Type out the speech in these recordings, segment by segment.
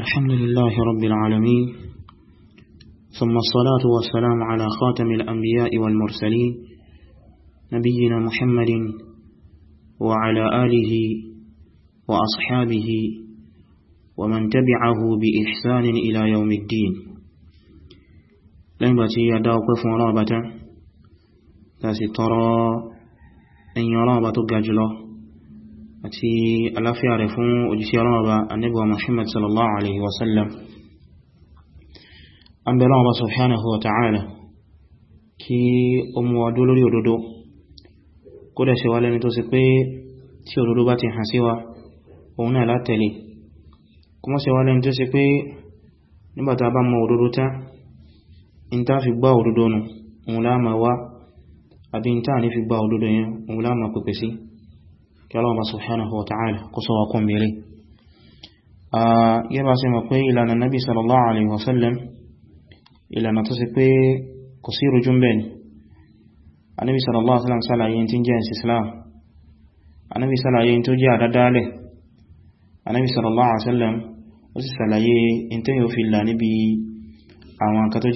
الحمد لله رب العالمين ثم الصلاة والسلام على خاتم الأنبياء والمرسلين نبينا محمد وعلى آله وأصحابه ومن تبعه بإحسان إلى يوم الدين لنبتي يدعو قف رابة ترى أن يرابة قجله àti aláfíà rẹ̀ fún òjísí ọlọ́ọ̀bá annabuwa Muhammad sallallahu alaihi wasallam an bẹ̀rẹ̀ ọba subhanahu wa ta'ala kí o mú wa dó lórí òdodo kó dẹ̀ ṣe wá lẹ́ni tó sì pé tí òdodo bá ti hàn sí wa òun náà látẹ̀lé kuma ṣe wá lẹ́ni tó sì pé nígbàtà bá mọ òdodo tán in ta fi gbá òdodo nù òun láàmà wá àbí in ta ní fi gbá òdodo yẹn òun láàmà pẹ̀pẹ̀ sí kí Allahu subhanahu wa ta'ala kó sọ wa kún bèèrè yẹ́ bá sí mọ̀ pé ìlànà nabi sallallahu alaihi wasallam ìlànà tó sì pé kò sí rújú bẹ́ẹ̀ ni anábi sallallahu alaihi wasallam sálàyé tí ń jẹ́ ìsì islam anábi sálàyé tó jẹ́ àdádálẹ̀ anábi sallallahu alaihi wasallam ó sì sálàyé in tẹ́ yóò fi là níbi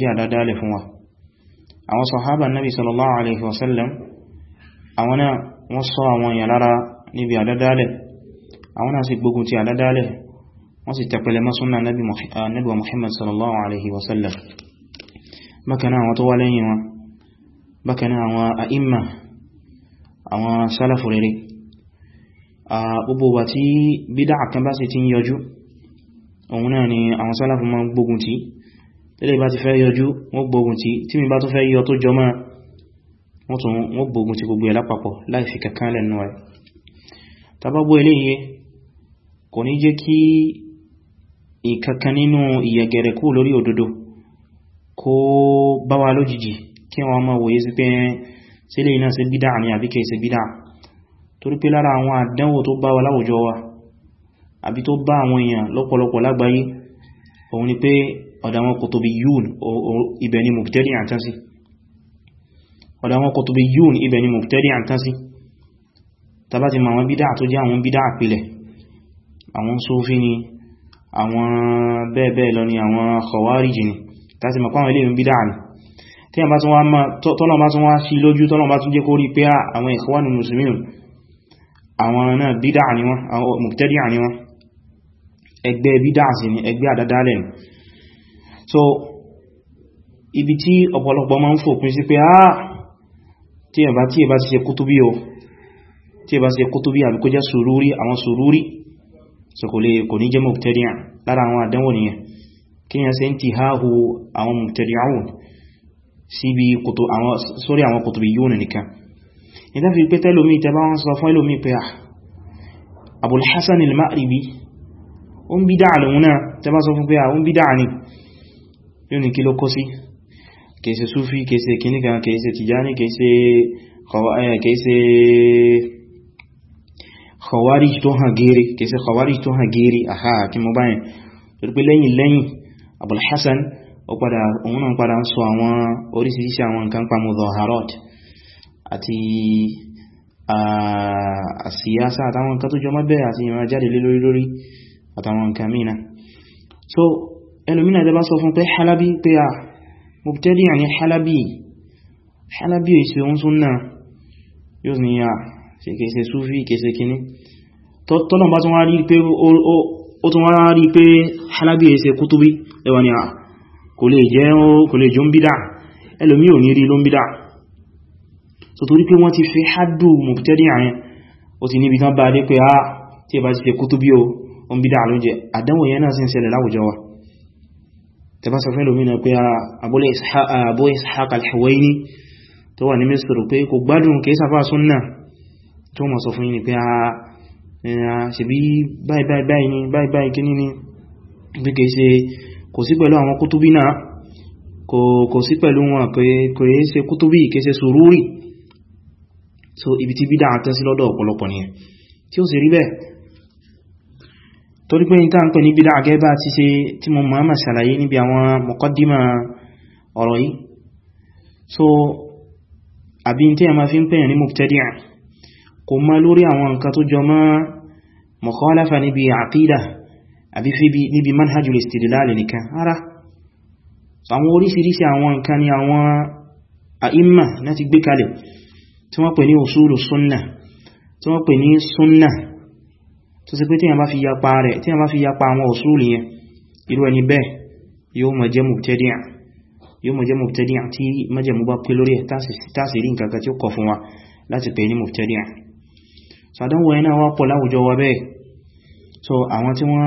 jẹ́ àdádálẹ̀ àwọn náà wọ́n sọ àwọn èèyàn lára níbi àdádálẹ̀ àwọn náà sì gbógun ti àdádálẹ̀ wọ́n sì tẹ̀pẹ̀lẹ̀ mọ́ súnnà Nábì Muhammad sallallahu alaihi wasallam bákan náà àwọn tó wá lẹ́yìn wọn bákan náà àwọn àìmà àwọn sálàfù rere gbogbo wà tí bídá àkan bá sì ti ń yọjú òun náà ni àwọn sálàfù máa gbógun ti tẹ́lẹ̀ bá ti fẹ́ yọjú wọ́n gbógun tún wọ́n gbógun ti gbogbo ẹ̀ lápapọ̀ láì lẹ́nu ẹ̀ tàbábó eléyẹ kò ní jẹ́ kí ìkankan nínú ìyẹ̀gẹ̀rẹ̀ kú lórí òdodo kó bá wa lójijì kí wọ́n máa wòye sí pé sílé iná sí bídá ní àbíkẹ́ sí bídá torí pé lára àwọn àdánwò tó bá wa láwùjọ wa àbí tó bá àwọn èèyàn lọ́pọ̀lọpọ̀ lágbàáyé òun ni pé ọ̀dà wọn kutubiyun ibẹ̀ ni mubtadi' àtànsí tàbá ti ma àwọn bídá tó jẹ́ àwọn bídá àpilẹ̀ àwọn sófí ni àwọn bẹ́ẹ̀bẹ́ẹ̀ lọ ni àwọn khawarij ni tàbí ma pàwọn ilé bídá ni tí a bá tún wá tọ́lọ̀bá tún wá sí lójú tọ́lọ̀bá tún jẹ́ kó rí pé ah, àwọn ikhwanul muslimin àwọn náà bídá ni wọ́n àwọn mubtadi' ni wọ́n ẹgbẹ́ bídá sí ni ẹgbẹ́ àdádálẹ̀ ni so ibi tí ọ̀pọ̀lọpọ̀ máa ń fòpin sí pé ah tí ẹ̀bá tí ẹ̀bá ti ṣe kútúbí o tí ẹ bá ṣe Kutubi àbí kó jẹ́ Sururi àwọn Sururi so kò lè kò ní jẹ́ mubtadi'a lára àwọn àdánwò nìyẹn kí yẹn ṣe intihahu àwọn mubtadi'un síbi sórí àwọn Kutubiyyun nìkan ìdá fi pé tẹ́lómi ìtẹ́bá wọn sọ fún ẹlòmí pé ah, Abul Hasan al-Ma'ribi ó ń bídá àlòun náà tẹ́bá sọ fún pé àwọn ah, bídá sí kèèsè Sufi kèèsè kìníkan kèèsè Tijani kèèsè khawarij tó hàn gẹ́rẹ́ kẹsẹ̀ khawarij tó hàn gẹ́rẹ́ àhá kí mọ́ báyìí torí pé lẹ́yìn lẹ́yìn Abul Hasan òun náà padà ń sọ àwọn orísìírísìí àwọn nǹkan pàmò zaharat àti àsíyásá àtàwọn nǹkan tó jọmọ́ bẹ́ẹ̀ àti ìran jáde lórí àtàwọn nǹkan mìína so ẹlòmínà ìjọba sọ fún pé halabi pé a mubtadi àní halabi halabi èsì oun súnnà yóò tọ́nà bá tún wá rí pé ó tún wá rí pé halabi ẹsẹ̀ kútúbí ẹwà ni a ah, kò lè jẹ́ kò lè jọ ń bídá ẹlòmí ò ní rí ló ń bídá so torí pé wọ́n ti fi hádù mọ̀kútẹ́dì àárín ó ti níbi tán bá dé pé a ah, tí ẹ bá ti fi kútúbí o ó ń bídá ló jẹ àdánwò yẹn náà sì ń ṣẹlẹ̀ láwùjọ wa tẹbá sọ fẹ́ lómi náà pé ah, Abu Ishaq al-Huwaini tó wà ní Misr kò gbádùn kìí sàfà súnnà tó mọ̀ sọ fún yìí ni pé a ṣebí báyìí báyìí báyìí ni báyìí báyìí kíní ni bí kìí ṣe kò sí pẹ̀lú àwọn kútúbí náà kò sí pẹ̀lú wọn kò yẹ ṣe kútúbí kìí ṣe sùúrì so ibi tí bídá àtẹ́ sí lọ́dọ̀ ọ̀pọ̀lọpọ̀ nìyẹn tí ó sì rí bẹ́ẹ̀ torí pé níta ń pè ní bídá àgẹ́bá ti ṣe tí mo máa máa ṣàlàyé níbi àwọn mọ̀kọ́dímà ọ̀rọ̀ yìí so àbí tí a máa fi ń pèyàn ní mubtadi'a kò mọ́ lórí àwọn nǹkan tó jọ máa mukhalafa níbi àkídà àbí fíbi níbi manhajul istidlal nìkan ara àwọn orísìírísìí àwọn nǹkan ni àwọn àìmà láti gbé kalẹ̀ tí wọ́n pè ní usulu sunna tí wọ́n pè ní sunna tó sì pé tí wọ́n bá fi yapa rẹ̀ tí wọ́n bá fi yapa àwọn usulu yẹn irú ẹni bẹ́ẹ̀ yóò máa jẹ́ mubtadi'a yóò máa jẹ́ mubtadi'a tí májẹ̀mú bá pé láti pè ní mubtadi'a sàdánwò ẹ̀ wá pọ̀ láwùjọ wa bẹ́ẹ̀ so àwọn tí wọ́n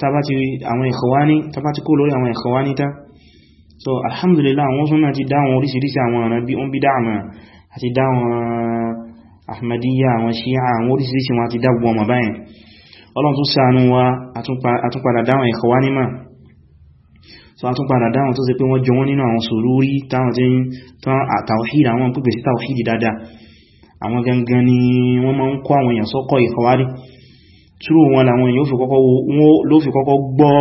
tàbá ti àwọn Ikhwani tàbá ti kó lórí àwọn Ikhwani tán so alhamdulillah àwọn súnnà ti dáwọn orísìírísìí àwọn ọ̀nà bí ó ń bí dáàmà àti dáwọn Ahmadiyya àwọn Shia àwọn orísìírísìí wọn ti dágbọ́ ọmọ báyẹn Ọlọ́run tó ṣàánú wa àtúnpadà dáwọn Ikhwani mà so àtúnpadà dáwọn tó ṣe pé wọ́n jọ wọ́n nínú àwọn Sururi táwọn tí tán àtàwọ̀hìd àwọn pípẹ̀ sí tàwọ̀hìd dáadáa àwọn gangan ni ṣírò wọn làwọn èèyàn ló fi kọ́kọ́ gbọ́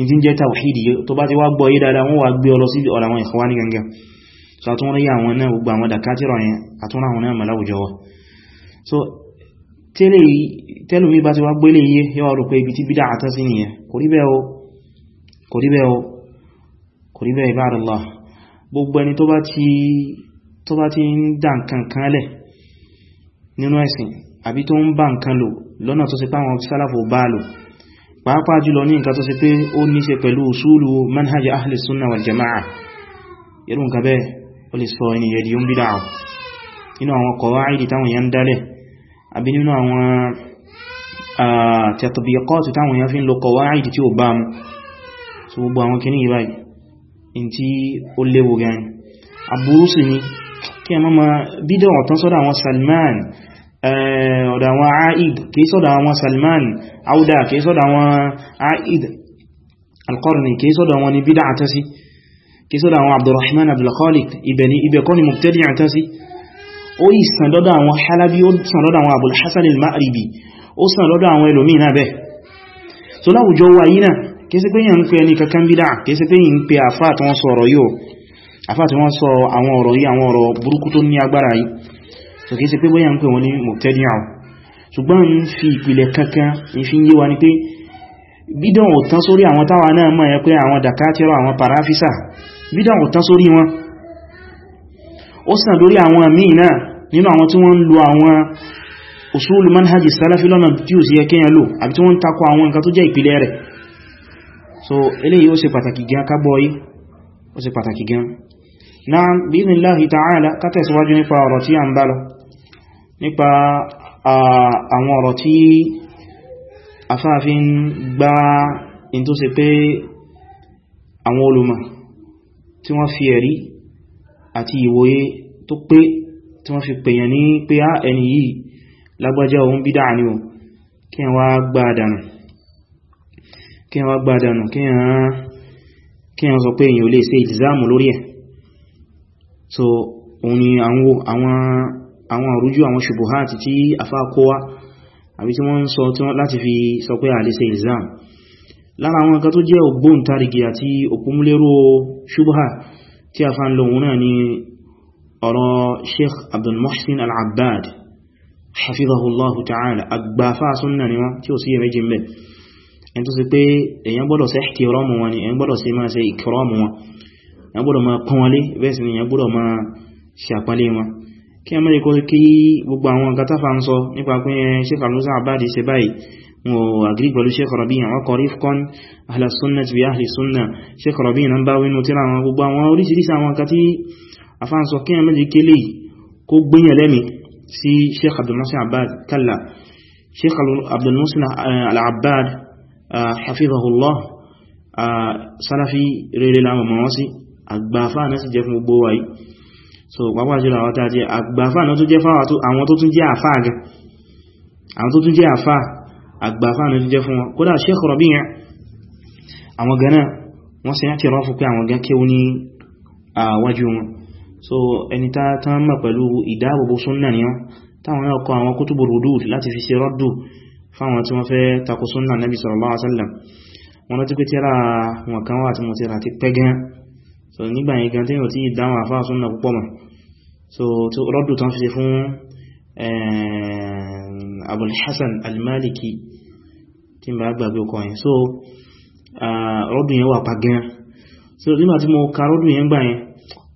ìdí jẹ́ tàwíìdì tó bá ti wá gbọ́ yí dáadáa wọ́n wá gbé ọlọ sí ọ̀rọ̀ àwọn ìfọwá ní gangan so àtúnrí àwọn náà gbogbo àwọn dàkátìrọ̀ yẹn àtúnrí àwọn náà mọ̀láwùjọ wa so tẹ́lù mi bá ti wá gbélé yé yíwa rò pé ibi tí bídá àtà sí nìyẹn kò rí bẹ́ẹ̀ o kò rí bẹ́ẹ̀ o kò rí bẹ́ẹ̀ ibadallah gbogbo ẹni tó bá ti ń dà nǹkan kan lẹ̀ nínú ẹ̀sìn àbí tó ń bá nǹkan lò lọ́nà tó ṣe pé àwọn sálàfò bá lò pàápàá jùlọ ní nǹkan tó ṣe pé ó ní ṣe pẹ̀lú usulu manhaj ahli sunna wal jama'a irú nǹkan bẹ́ẹ̀ ó lè sọ ẹni yẹ̀dì yóò ń bídá nínú àwọn qawaidi táwọn èèyàn dálẹ̀ àbí nínú àwọn tatbiqat táwọn èèyàn fi ń lo qawaidi tí ó bá mu so gbogbo àwọn kìíní yìí in tí ó léwu gan aburú sì ni kí a máa bídá ọ̀tán sọ́dọ̀ àwọn Salman Eh, ọ̀dọ̀ àwọn aid kìí sọ́dọ̀ àwọn salman auda kìí sọ́dọ̀ àwọn aid alqarni kìí sọ́dọ̀ àwọn ni bídá àtẹ́sí kìí sọ́dọ̀ àwọn abdurrahman abdulkhalik ibẹ̀kọ́ ni mubtadi àtẹ́sí ó yí sàndọ́dọ̀ àwọn halabi ó sàndọ́dọ̀ àwọn abul hasan al-ma'ribi ó sàndọ́dọ̀ àwọn ẹlòmíì náà bẹ́ẹ̀ so láwùjọ wa yìí náà kìí sí pé yàn ń pè ẹni kankan bídá kìí sí pé yìí so kìí ṣe pé bóyá ń pè wọ́n ní mubtadi'a ṣùgbọ́n ń fi ìpìlẹ̀ kankan ń fi yé wa ní pé bídàn ò tán sórí àwọn táwa náà mọ̀ ẹ pé àwọn dàkátírà àwọn paráfísà bídàn ò sórí wọn ó sàn lórí àwọn míì náà nínú àwọn tí wọ́n ń lo àwọn usulu manhaji salafi lọ́nà tí ó sì yẹ kéèyàn lò àbí tí wọ́n ń àwọn nǹkan tó jẹ́ ìpìlẹ̀ rẹ̀ so eléyìí ó ṣe pàtàkì gan kábọ̀ yìí ó ṣe pàtàkì gan náà bí idhnillahi ta'ala kátẹ̀síwájú nípa ọ̀rọ̀ tí a ń bá lọ nípa àwọn ọ̀rọ̀ tí afáàfin gbá in tó ṣe pé àwọn olùmọ̀ tí wọ́n fi ẹ̀rí àti ìwòye tó pé tí wọ́n fi pèyàn ní pé á ẹni yìí lágbàjá òun bídá ni o kí wá gbá dànù kí wá gbá dànù kí wọ́n sọ pé èyàn lè ṣe ìlìzáàmù lórí ẹ̀ so òun ni àwọn àwọn àrújú àwọn ṣubuhati tí afá kọwa àbí tí wọ́n ń sọ láti fi sọ pé a lè ṣe exam lára àwọn nǹkan tó jẹ́ ògbóǹtarìgì àti òpómúlérò ṣubuha tí afá ń lòun náà ni ọ̀rọ̀ sheikh abdul muhsin al-abbad hafizahullahu ta'ala agbafa sunna ni wọ́n tí ó sì yẹ méjì mẹ́ ẹn tó sì ni èyàn gbọ́dọ̀ sí máa ṣe ìkìrọ́mù wọn ni èyàn gbọ́dọ̀ máa kí a mẹ́rin kó kí gbogbo àwọn nǹkan tàfà ń sọ nípa pé Sheikh Al-Musa Abadi ṣe báyìí mo agri pẹ̀lú Sheikh Rabi' àwọn kọrí fkọn ahla sunna bi ahli sunna Sheikh Rabi' náà bá wínú tíra àwọn gbogbo àwọn oríṣiríṣi àwọn nǹkan tí afá ń sọ kí a mẹ́rin kélé kó gbìyàn lẹ́mi sí Sheikh Abdul Muhsin Al-Abbad kalla Sheikh Abdul eh, so pàápàá jùlọ àwọn tí a jẹ́ àgbàfà náà tó jẹ́ fáwà àwọn tó tún jẹ́ àfà gan àwọn tó tún jẹ́ àfà àgbàfà náà tó jẹ́ fún wọn kódà Sheikh Rabi' àwọn ganá wọ́n sì láti rán fún pé àwọn gan kéwú ní àwájú wọn so ẹni tá tán mọ̀ pẹ̀lú ìdáàbòbò súnnà ni wọ́n táwọn náà kọ àwọn kútùbù rudud láti fi ṣe rọ́dù fáwọn tí wọ́n fẹ́ takò súnnà Nabi sallallahu alaihi wasallam wọ́n rántí pé tíra wọn kan wà tí mo ti rà ti pẹ́ gan so nígbà yẹn gan tẹ́yàn tí ìdáwọn àfáà súnnà púpọ̀ mọ̀ so tí rọ́dù tán fi ṣe fún eh, Abul Hasan al-Maliki tí bá gbàgbé ọkọ̀ yẹn so ah, rọ́dù yẹn wà pa so nígbà tí mo ka rọ́dù yẹn gbà yẹn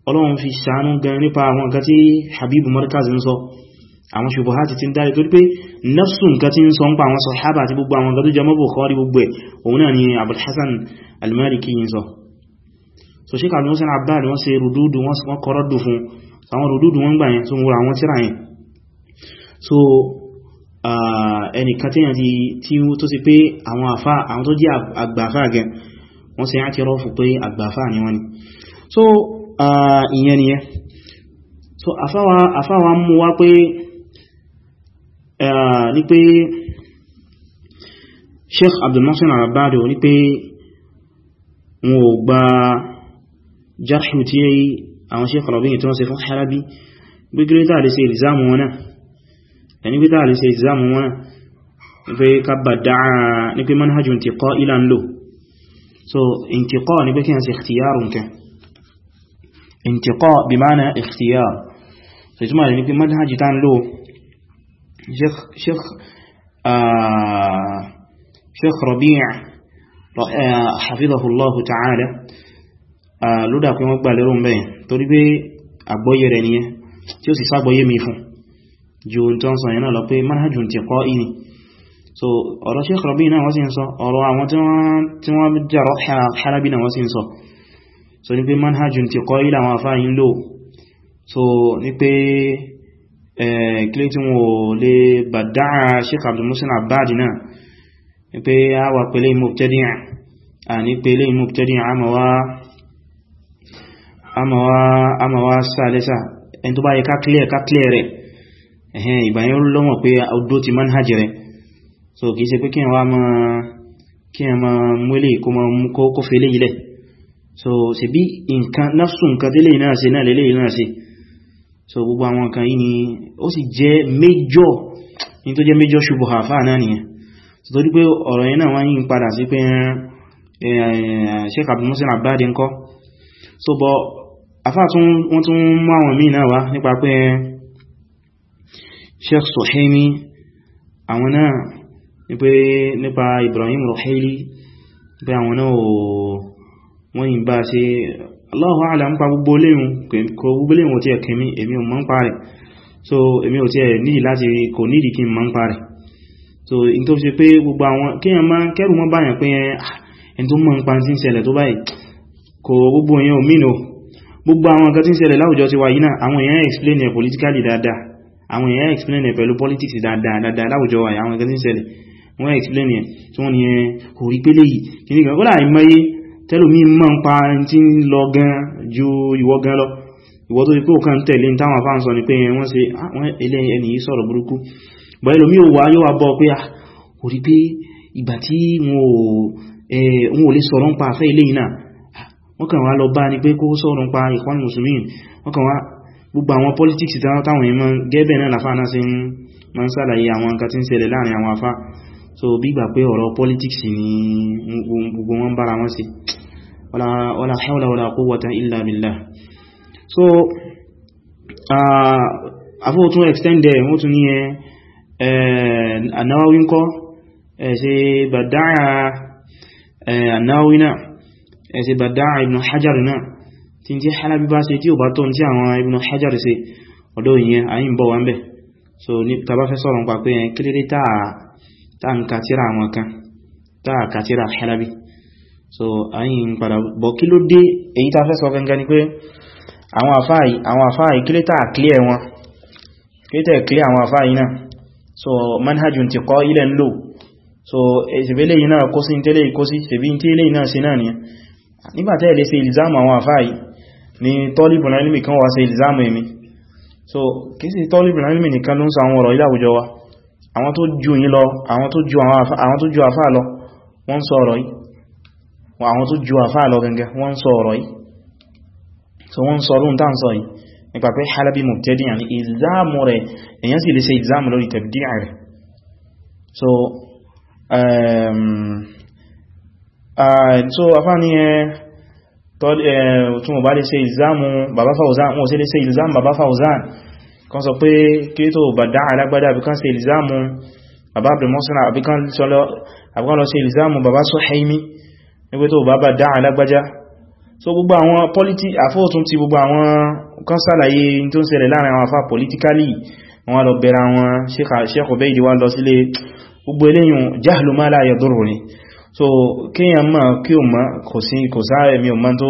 Ọlọ́run fi ṣàánú gan nípa àwọn nǹkan tí Habibu Markaz ń sọ àwọn ṣubuhati ti ń dáre torí pé nafsu nǹkan tí ń sọ ń pa àwọn sahaba àti gbogbo àwọn nǹkan tó jẹ mọ́ Bukhari gbogbo ẹ̀ òun náà ni Abul Hasan al-Maliki ń sọ so ṣe kàbí wọ́n sí àbá ni wọ́n ṣe rùdúdù wọ́n sì wọ́n kọ́rọ̀dù fún àwọn rùdúdù wọ́n gbà yẹn tó múra àwọn tíra yẹn so ẹnìkan tíyàn tí tó sì pé àwọn àfá àwọn tó jẹ́ àgbàfá gẹn wọ́n sì rántí rọ́fù pé àgbàfá ni wọ́n ni so ìyẹn nìyẹn so àfá wa mú wá pé ní pé Sheikh Abdul Muhsin al جرح متيعي أما شيخ ربيني تنصي فقه حرابي بقري تالي سي إلزام ونا يعني بتالي سي إلزام ونا في كبا دعا نكي منهج انتقاء إلى له سو انتقاء نبكي هنسي اختيار انك انتقاء بمعنى اختيار سيسمع نكي يعني منهج تان له شيخ شيخ آه شيخ ربيع آه، حفظه الله تعالى lódà pé wọ́n gbà lérò mẹ́ torí pé àgbọ́yé rẹ̀ nìyẹn tí ó sì ságbọ́yé mi fún ju ohun tó ń sọ yẹn náà lọ pé manhajun ti kọ́ ìní so ọ̀rọ̀ Sheikh Rabi náà wọ́n sì ń sọ ọ̀rọ̀ àwọn tí wọ́n jàrọ̀ Halabi náà wọ́n sì ń sọ so ní pé manhajun ti kọ́ so ní pé kílé tí wọ́n lè bàdára Sheikh Abdul Musin Abadi náà ní pé a wà pẹ̀lẹ́ imú tẹ́díyàn a ama wa sálẹ́sà ẹni tó bá yẹ ká clear ká clear rẹ̀ ẹ̀hẹ́n ìgbàyẹn lọ́wọ́ pé ọdó ti manhaj rẹ̀ so kìí ṣe pé kí wa ma kí a ma múlé kó ma mú kó fèlé ilẹ̀ so ṣe bí nǹkan nafsu nǹkan délé náà ṣe náà lélé náà ṣe so gbogbo àwọn nǹkan yìí ni ó sì jẹ́ major ní tó jẹ́ major ṣubuha fáà náà nìyẹn so torí pé ọ̀rọ̀ yẹn náà wá yìí ń padà sí pé Sheikh Abdul Muhsin so bọ́ afá tún wọ́n tún mọ́ àwọn míì náà wá nípa pé Sheikh Suhaimi àwọn náà nípa nípa Ibrahim Ruhaili pé àwọn náà wọ́n yìí bá ṣe Allahu a'lam ń pa gbogbo léhun kò gbogbo léhun tí ẹ̀kẹ́mí èmi ò mọ̀ ń pa so èmi ò tí ẹ̀ ní láti kò ní ìdíkí mọ̀ ń pa so in tó fi pé gbogbo àwọn kíyàn máa kẹrù mọ́ báyàn pé ah, ẹn tó mọ̀ ń pa tí ń ṣẹlẹ̀ tó báyìí kò gbogbo èèyàn ò gbogbo àwọn nǹkan tí ń ṣẹlẹ̀ láwùjọ ti wà yìí náà àwọn èèyàn explain ẹ̀ politically dáadáa àwọn èèyàn explain ẹ̀ pẹ̀lú politics dáadáa dáadáa láwùjọ wà àwọn nǹkan tí ń ṣẹlẹ̀ wọ́n explain ẹ̀ tí wọ́n ni ẹ kò rí pélé yìí kì ní kan kó láì mẹ́yé tẹ́lòmí pé òkan ni pé wọ́n ṣe àwọn ah, ilé ẹni yìí sọ̀rọ̀ burúkú bọ́ ẹlòmí ò wá yóò wá bọ́ pé ah, à wọ́n kàn wá lọ bá ní pé kó sọ̀rọ̀ pa ìkwọ́n musulmin wọ́n wá gbogbo àwọn politics táwọn èèmọ̀ gẹ́bẹ̀ náà láfá náà sí ma ń sàlàyé àwọn nǹkan tí ń ṣẹlẹ̀ láàrin àwọn afá so bígbà pé ọ̀rọ̀ politics ni gbogbo wọn bára wọn sí wala hawla wala quwwata illa billah so afọ́ tún extend ẹ̀ wọ́n tún ní ẹ anáwáwí ń kọ́ ẹ̀ ẹ̀sẹ̀ bàdá ibn hajar náà tí tí halabi bá ṣe tí ò bá tó tí àwọn ibn hajar ṣe ọ̀dọ̀ ìyẹn àyín bọ̀ wọ́n bẹ̀ so ní tàbá fẹ́ sọ̀rọ̀ pa pé yẹn kíléré táà ń kàtírà àwọn kan táà kàtírà halabi so àyín padà bọ̀ kí ló dé èyí tá fẹ́ sọ gangan ni pé àwọn àfáàyí àwọn àfáàyí kílé táà clear wọn kílé táà clear àwọn àfáàyí náà so manhajun ti kọ́ ilẹ̀ ń lò so ìsìnbélé yìí náà kó sí ìtẹ́lẹ̀ ìkó sí ìsìnbí ìtẹ́lẹ̀ náà sí náà nìyàn nígbàtẹ́ ilé ṣe ìlìzámù àwọn àfáà ni ni tọ́lìbùn ilmi kan wá se ìlìzámù èmi so kìí sí tọ́lìbùn ilmi nìkan ló ń sọ àwọn ọ̀rọ̀ ilé àwùjọ wa àwọn tó ju yín lọ àwọn tó ju àfáà lọ wọ́n ń sọ ọ̀rọ̀ yìí àwọn tó ju àfáà lọ so wọ́n ń sọ ọ̀rún tán sọ yìí nípa pé halabi mubtadi yani ìzámù rẹ̀ èyàn sì lè ṣe ìzámù lórí tẹ̀bdí rẹ̀ so um, Ah, so afá ní ẹ tún ọba lè ṣe ìzámù bàbá Fawzan wọ́n sí lè ṣe ìzámù bàbá Fawzan kan sọ pé kí tó bàdá alágbádá àbíkán ṣe ìzámù bàbá abdulmọ́sánà àbíkán lọ ṣe ìzámù bàbá Suhaimi nígbé tó bàbá dá alágbádá so gbogbo àwọn politi àfóòtún ti gbogbo àwọn kan sàlàyé tó ń ṣẹlẹ̀ láàrin àwọn afá politikali wọn lọ bẹ̀rẹ̀ àwọn Sheikh Ubaid wá lọ sílé gbogbo eléyìn jahlu ma la yadurruni so kíyàn máa kí o máa kò sí kò sáàrẹ̀ mi o máa tó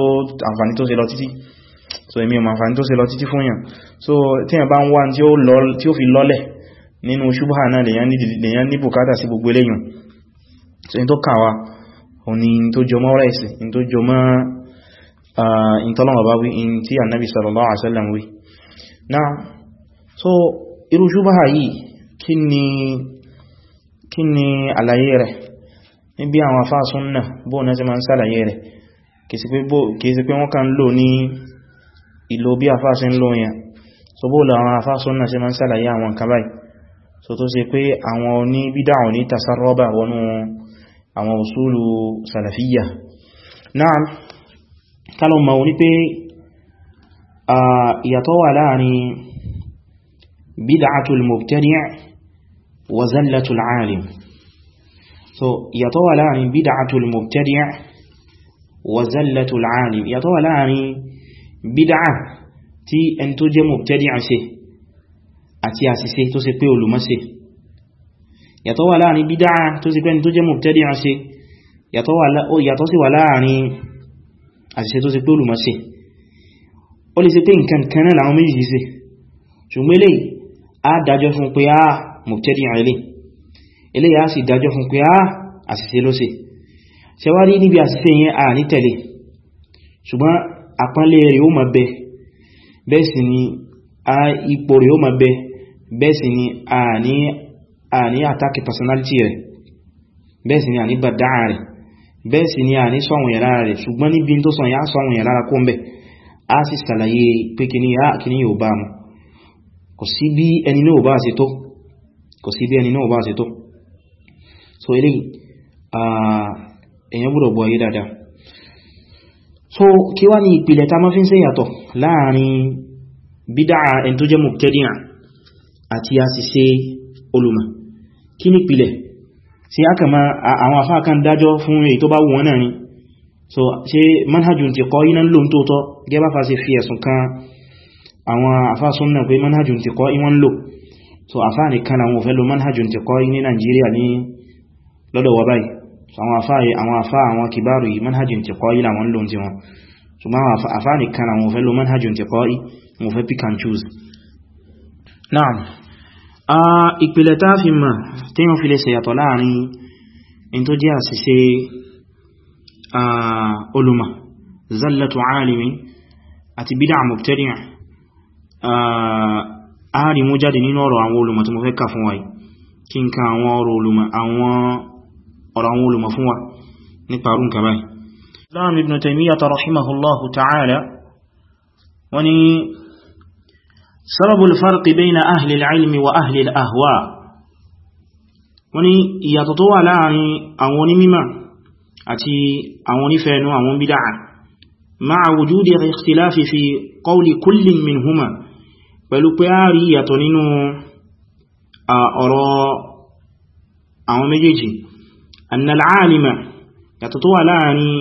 àǹfàní tó ṣe lọ títí so èmi o máa àǹfàní tó ṣe lọ títí fún yàn so tíyàn bá ń wá tí ó fi lọ́lẹ̀ nínú ṣubha náà lèyàn ní bùkátà sí gbogbo eléyàn so in tó kàwa òní in tó jọmọ́ rẹ̀sì in tó jọmọ́ ìtọ́lọ́mọ̀bá wí in tí annabi sallallahu alaihi wasallam wí náà so irú ṣubha yìí kí ni àlàyé rẹ̀ níbi àwọn afá súnnà bó náà ti ma ń sàlàyé rẹ̀ kìí sí pé wọ́n kàn lò ní ìlò bí afá sí ń lò yẹn so bó lọ àwọn afá súnnà sí ma ń sàlàyé àwọn nǹkan báyìí so tó ṣe pé àwọn oní bídá òní tasarọ́bà wọnú àwọn usulu salafiyya náà kálọ̀ ma wọ́n ní pé ìyàtọ̀ wà láàrin bídá àtùl mubtadi' wa zallatul alim so ìyàtọ̀ wà láàrin bídáàtul mubtadi' wa zallatul 'alim ìyàtọ̀ wà láàrin bídáà tí ẹni tó jẹ́ mubtadi' ṣe àti àṣìṣe tó ṣe pé olùmọ̀ ṣe ìyàtọ̀ wà láàrin bídáà tó ṣe pé ẹni tó jẹ́ mubtadi' ṣe ìyàtọ̀ sí wà láàrin àṣìṣe tó ṣe pé olùmọ̀ eléyà á sì dájọ́ fún pé á ah, àṣìṣe ló ṣe ṣe wá rí níbi àṣìṣe yẹn à ní tẹ̀lé ṣùgbọ́n àpọ́nlé rẹ̀ ó máa bẹ bẹ́ẹ̀ sì ni a ipò rẹ̀ ó máa bẹ bẹ́ẹ̀ sì ni a ní àtàkì personality rẹ̀ bẹ́ẹ̀ sì ni a ní bàdáà rẹ̀ bẹ́ẹ̀ sì ni a ní sọ́wọ̀n yẹ̀ lára rẹ̀ ṣùgbọ́n ni a kì ní yóò bá mu kò sí bí ẹni náà bá ṣe tó so eléyìí èyàn gbọ́dọ̀ gbọ́ yí dada. so kí wá ní ìpìlẹ̀ ta máa fi ń ṣe yàtọ̀ láàrin bídá ẹni tó jẹ́ mubtadi'a àti àṣìṣe olùmọ̀ kí ní ìpìlẹ̀ sí aka àwọn afá kan dájọ́ fún èyí tó bá wù wọ́n náà so ṣe manhajun ti kọ́ iná lò tó tọ́ gẹ́bá fa ṣe fi ẹ̀sùn kan àwọn afá súnnà pé manhajun ti kọ́ iwọ́n lò so afá nìkan àwọn òfẹ́ lo manhajun ti kọ́ ní Nàìjíríà ní lọ́dọ̀ wa báyìí àwọn àfáà àwọn àfáà àwọn kìbáàrù yìí manhajin ti kọ́ yìí làwọn lóun ti wọn ṣùgbọ́n àfáà nìkan àwọn òfẹ́ lo manhajin ti kọ́ yìí wọ́n fẹ́ pick and choose naam a ìpìlẹ̀ tá fi mọ̀ tí wọ́n fi lè ṣèyàtọ̀ láàrin in tó jẹ́ àṣìṣe olùmọ̀ zallatu kí n ka àwọn ọ̀rọ̀ olùmọ̀ àwọn ọ̀rọ̀ àwọn olùmọ̀ fún wa nípa rú nǹkan báyìí Islam ibn Taymiyyah rahimahullahu ta'ala wani sababul farqi bayna ahli al-ilmi wa ahli al-ahwa wani ìyàtọ̀ tó wà láàrin àwọn onímímọ̀ àti àwọn onífẹ́ẹ̀nú àwọn bídáà wujudi ikhtilafi fi qawli kullin minhuma pẹ̀lú pé a rí ìyàtọ̀ nínú ọ̀rọ̀ àwọn méjèèjì أن العالم يتطوى لاني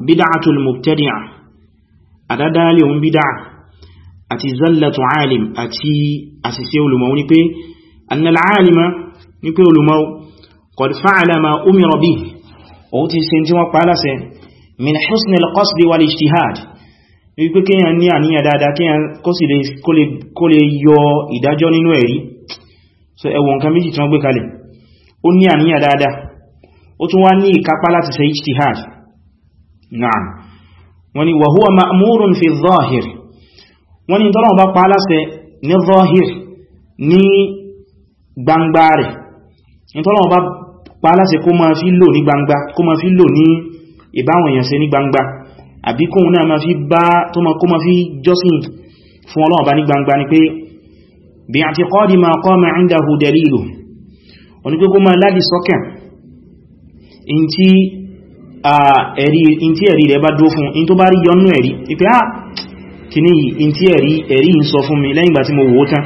بدعة المبتدع أدادالي هم بدعة أتي زلة عالم أتي أسيسي علمو نكي أن العالم نكي علمو قد فعل ما أمر به أوتي سنتي وقالسي من حسن القصد والاجتهاد wípé kíyàn ní àníyàn dáadáa kíyàn kó sì lè yọ ìdájọ́ nínú ẹ̀rí ẹwọ̀n nǹkan méjì tí wọ́n gbé kalẹ̀ ó ní àníyàn dáadáa ó tún wá ní ìkápá láti ṣe ijtihad na'am wọ́n ní wa huwa ma'murun fi zahir wọ́n ní tọ́lọ̀ bá pa aláṣẹ ní zahir ní gbangba rẹ̀ ní tọ́lọ̀ bá pa aláṣẹ kó máa fi lò ní gbangba kó máa fi lò ní ìbáwọn èèyàn ṣe ní gbangba àbí kóhun náà onígbogbo ma láti sọ́kàn in tí ẹ̀rí rẹ̀ bá dúó fún in tó bá rí yọnú ẹ̀rí ipé á kì ní in tí ẹ̀rí ń sọ fún mi lẹ́yìn ìgbà tí mo wò tán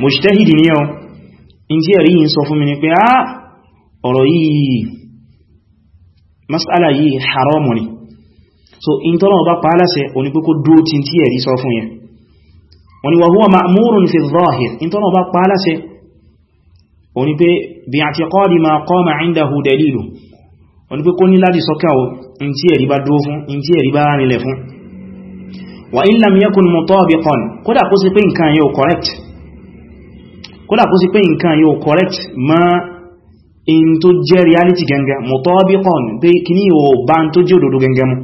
mujtahidi ní ọ in tí ẹ̀rí ń sọ fún mi ni pé á ah, ọ̀rọ̀ yìí mas'ala yìí haramu ni so in tọ́lọ̀ bá pàálàṣẹ onípẹ́kó dúó tí ẹ̀rí sọ fún yẹn wọ́n ni wa huwa ma'murun fi adh-dhahir in tọ́lọ̀ oní pé bí àti kọ́ọ̀dì ma qama indahu dalilu oní pé kó ní láti sọ́kà o in tí ẹ̀rí bá dúró fún in tí ẹ̀rí bá rìnlẹ̀ fún wa in lam yakun mutabiqan kódà kó sí pé nǹkan yóò correct kódà kó sí pé nǹkan yóò correct ma in tó jẹ́ reality gẹ́gẹ́ mutabiqan pé kíní ò bá ń tó jẹ́ òdodo gẹ́gẹ́ mu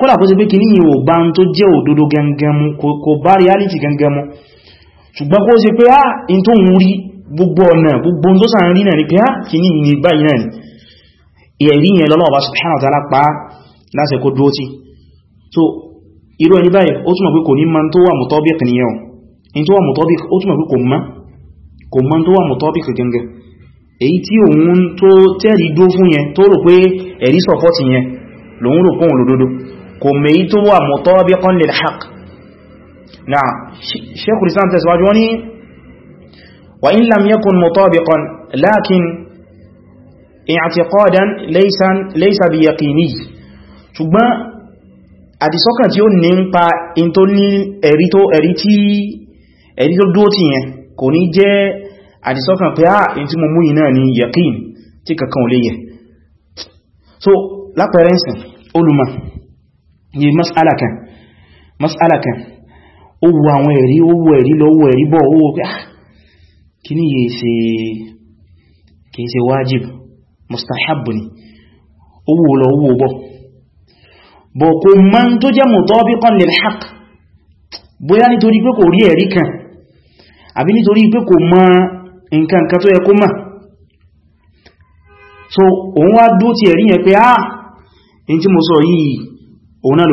kódà kó sí pé kíní ò bá ń tó jẹ́ òdodo gẹ́gẹ́ mu kò bá reality gẹ́gẹ́ mu ṣùgbọ́n kó ṣe pé á ah, in tó ń rí gbogbo ọ̀nà gbogbo tó sàn rí náà ni pé á kì ní ní báyìí náà ni ẹ̀rí yẹn lọ́lọ́ ọba subhanahu wa ta'ala pa láṣẹ kó dúró tí so irú ẹni báyìí ó túnmọ̀ pé kò ní ma tó wà mutabiq nìyẹn in tó wà mutabiq na shekul islam tẹ̀síwájú wọ́n ni wa in lam yakun mutabiqan lakin i'tiqadan laysa bi yaqini ṣùgbọ́n àdìsọ́kàn tí ó ní ń pa in tó ní ẹ̀rí tó ẹ̀rí tí ẹ̀rí tó dúó ti yẹn kò ní jẹ́ àdìsọ́kàn pé á ah, in tí mo mú iná ni yaqin tí kankan ò lè yẹ so lápẹẹrẹ ìsìn olùmọ̀ ni mas'alakan mas'alakan ó wo àwọn ẹ̀rí ó wo ẹ̀rí lọ wo ẹ̀rí bọ̀ ó wo pé ah kí ní yìí ṣe kìí ṣe wájib mustahabu ni ó wo lọ ó wo bọ̀ bọ̀ kò mọ́ tó jẹ́ mutabiqan lil haqq bóyá nítorí pé kò rí ẹ̀rí kan àbí nítorí pé kò ma nǹkan kan tó yẹ kó so òun wá dó ti ẹ̀rí yẹn pé ah in tí mo sọ yìí òun náà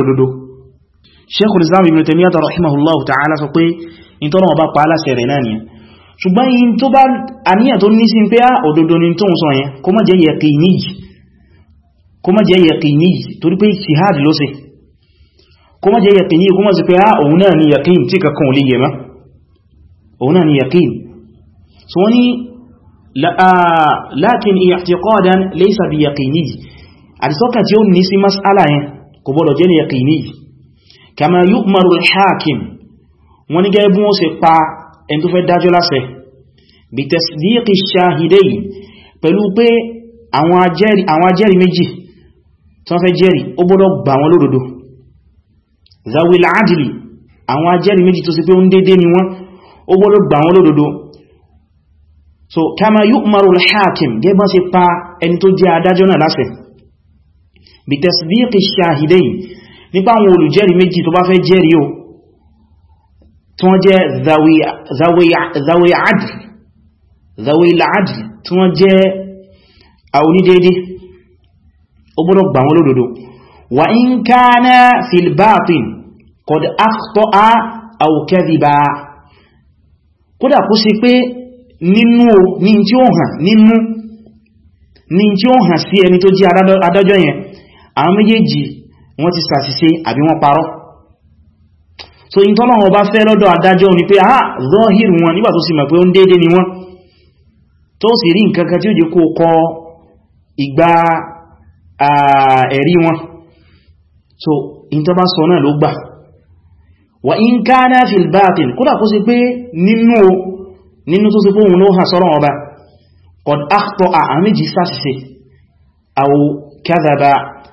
sheikh islam ibn taymiyah rahimahullah ta'ala sọ pé in tó náà bá pa aláṣẹ rẹ̀ náà nìyẹn ṣùgbọ́n in tó bá àníyàn tó ní sí pé á ah, òdodo ni tó ń sọ yẹn kó má jẹ́ yaqiniyi torí pé shihad ló ṣe kó má jẹ́ yaqiniyi kó má sí pé á ah, òun náà ni yaqin tí kankan ò lè yẹ mọ́ òun ah, ní sí mas'ala kama yu'maru al-hakim wọ́n ní gẹ́gẹ́ bí wọ́n ṣe pa ẹni tó fẹ́ dájọ́ láṣẹ bí tasdiqi ash-shahidayn pẹ̀lú pé àwọn ajẹ́rìí àwọn ajẹ́rìí méjì tó fẹ́ jẹ́rìí ó gbọ́dọ̀ gbà wọ́n lódodo zawil adli àwọn ajẹ́rìí méjì tó sì pé ó ń ni wọ́n ó gbọ́dọ̀ gbà wọ́n lódodo so kama yu'maru al-hakim gẹ́gẹ́ bá pa ẹni tó jẹ́ adájọ́ náà láṣẹ bí tasdiqi ash-shahidayn nípa àwọn olùjẹ́rìí méjì tó bá fẹ́ jẹ́rìí o tí wọ́n jẹ́ zawiya adìl zawila adìl tí wọ́n jẹ́ àunídéédé ó gbọ́dọ̀ gbà wọn lódodo wa in kana fil batin qad akhta'a aw kadhiba kódà kó sí pé nínú ní tí ó hàn nínú ní tí ó hàn sí ẹni tó jẹ́ adájọ́ yẹn àwọn méjèèjì wọ́n ti sàṣìṣe àbí wọ́n parọ́ so in tọ́lọ̀ wọn bá fẹ́ lọ́dọ̀ adájọ́ ni pé àà zọ́hìr wọn nígbà tó sì mọ̀ pé ó ń dédé ni wọ́n tó sì rí nkankan tí ó jẹ́ kó kọ ìgbà ẹ̀rí wọn so in tọ́ bá sọ náà ló gbà wà in kana fil batin kódà kó sì pé nínú nínú tó sì pé òun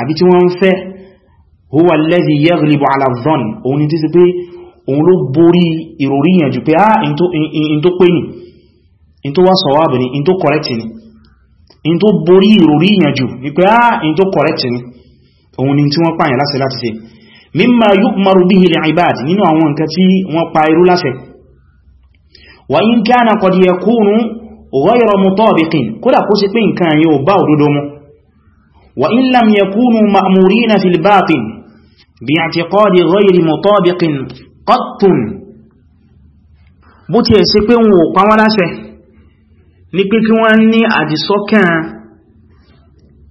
àbí tí wọ́n ń fẹ́ huwa alladhi yaghlibu ala dhann òun ni tí sí pé òun ló borí ìròrí ìyànjú pé ah in tó pé ní in tó wá sọ̀wábì ní in tó correct ní in tó borí ìròrí ìyànjú ní pé ah in tó correct ní òun ni tí wọ́n pààyàn láṣẹ láti ṣe mimma وإن لم يكونوا مأمورين في الباطن باعتقاد غير مطابق قط bó ti ẹ̀ sí pé wọn ò pa wọ́n láṣẹ ní pé kí wọ́n ní àdìsọ́kàn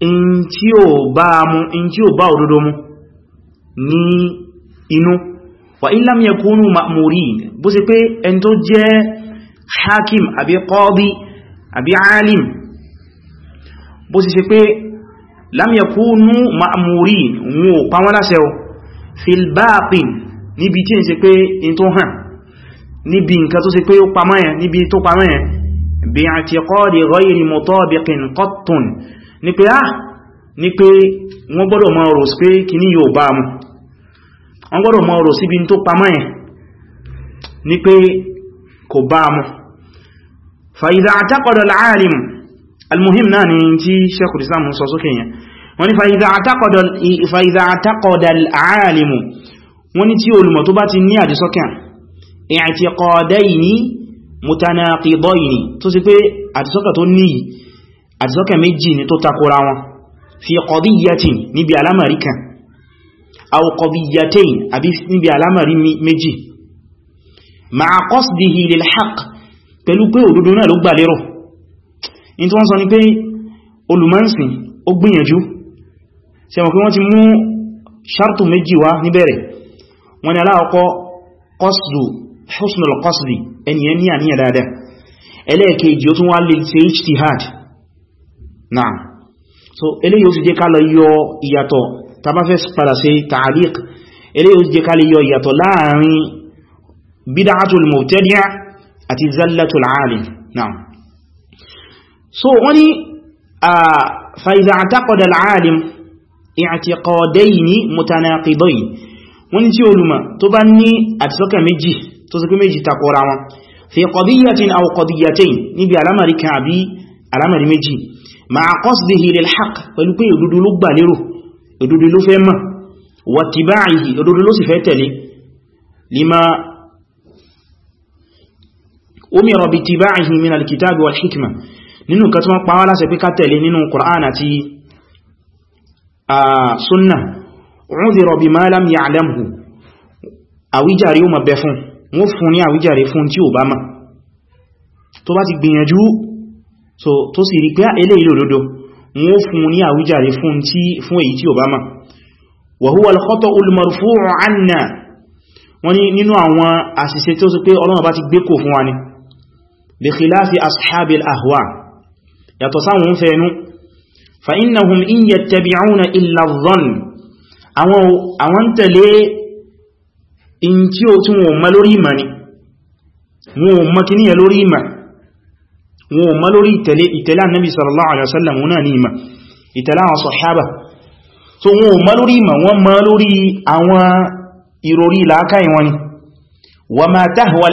in tí ó bá mú in tí ó bá òdodo mú ní inú wa in lam yakunu ma'murin bó sì pé ẹni tó jẹ́ hakim àbí qadi àbí alim bó sì sí pé lam yakunu ma'murin wọn ò pa wọ́n láṣẹ o fil baatin níbi tí ń ṣe pé in tó hàn níbi nǹkan tó ṣe pé ó pamọ́ yẹn níbi tó pamọ́ yẹn bi'tiqadi ghayri mutabiqin qattun ni pé ah ni pé wọ́n gbọ́dọ̀ máa rò sí pé kìíní yóò bá mu wọ́n gbọ́dọ̀ máa rò síbi tó pamọ́ المهم ناني تي شيخ الإسلام موسى سوكيا وني فإذا اعتقد فإذا اعتقد العالم وني تي علم تباتي نيا دي سوكيا اعتقادين متناقضين تو سي بي ادسوكا تو ني ادسوكا ميجي ني تو تاكورا وان في قضيه ني بي علامه كان او قضيتين ابي ني بي علامه ميجي مع قصده للحق pẹ̀lú pé òdodo náà ló gbà lérò in tí wọ́n sọ ni pé olùmọ́nsìn ó gbìyànjú ṣé mọ̀ pé wọ́n ti mú ṣartù méjì wá níbẹ̀rẹ̀ wọ́n ni aláàkọ́ qasdu husnul qasdi ẹniyàn ní àníyàn dáadáa ẹlẹ́ẹ̀kejì ó tún wá lè ṣe ijtihad náà so eléyìí ó sì jẹ́ ká lọ yọ ìyàtọ̀ tàbáfẹ́ padà sí ta'aliq eléyìí ó sì jẹ́ ká lè yọ ìyàtọ̀ láàrin bid'atul mubtadi' àti zallatul alim náà so wọ́n ni fa idha i'taqada al-alim i'tiqadayni mutanaqidayn wọ́n ni tí olùmọ̀ tó bá ní àtisọ́kà méjì tó sì pé méjì takora wọn fi qadiyatin aw qadiyatayn níbi alamari kan àbí alamari méjì ma'a qasdihi lil-haqq pẹ̀lú pé òdodo ló gbà lérò òdodo ló wa tibaihi nínú nǹkan tí wọ́n pa wá láṣẹ pé ká tẹ̀lé nínú Qur'an àti sunna udhira bima lam ya'lamhu àwíjàre ó ma bẹ fún wọ́n fún ní àwíjàre fún tí ò bá ma tó bá ti gbìyànjú tó sì rí pé eléyìí lòdodo wọ́n fún ní àwíjàre fún èyí tí ò bá ma wa fún yàtọ̀ sáwọn ń fẹ́nu fa innahum in yattabi'una illa dhann àwọn tẹ̀lé in tí ó tún wọ́n ma lórí ìmọ̀ ni wọ́n ma kí ní ẹ lórí ìmọ̀ wọ́n ma lórí ìtẹ̀lé ìtẹ̀lé annabi sallallahu alaihi wasallam wọn ní ìmọ̀ ìtẹ̀lé àwọn sahaba wọ́n ma ni ma tahwa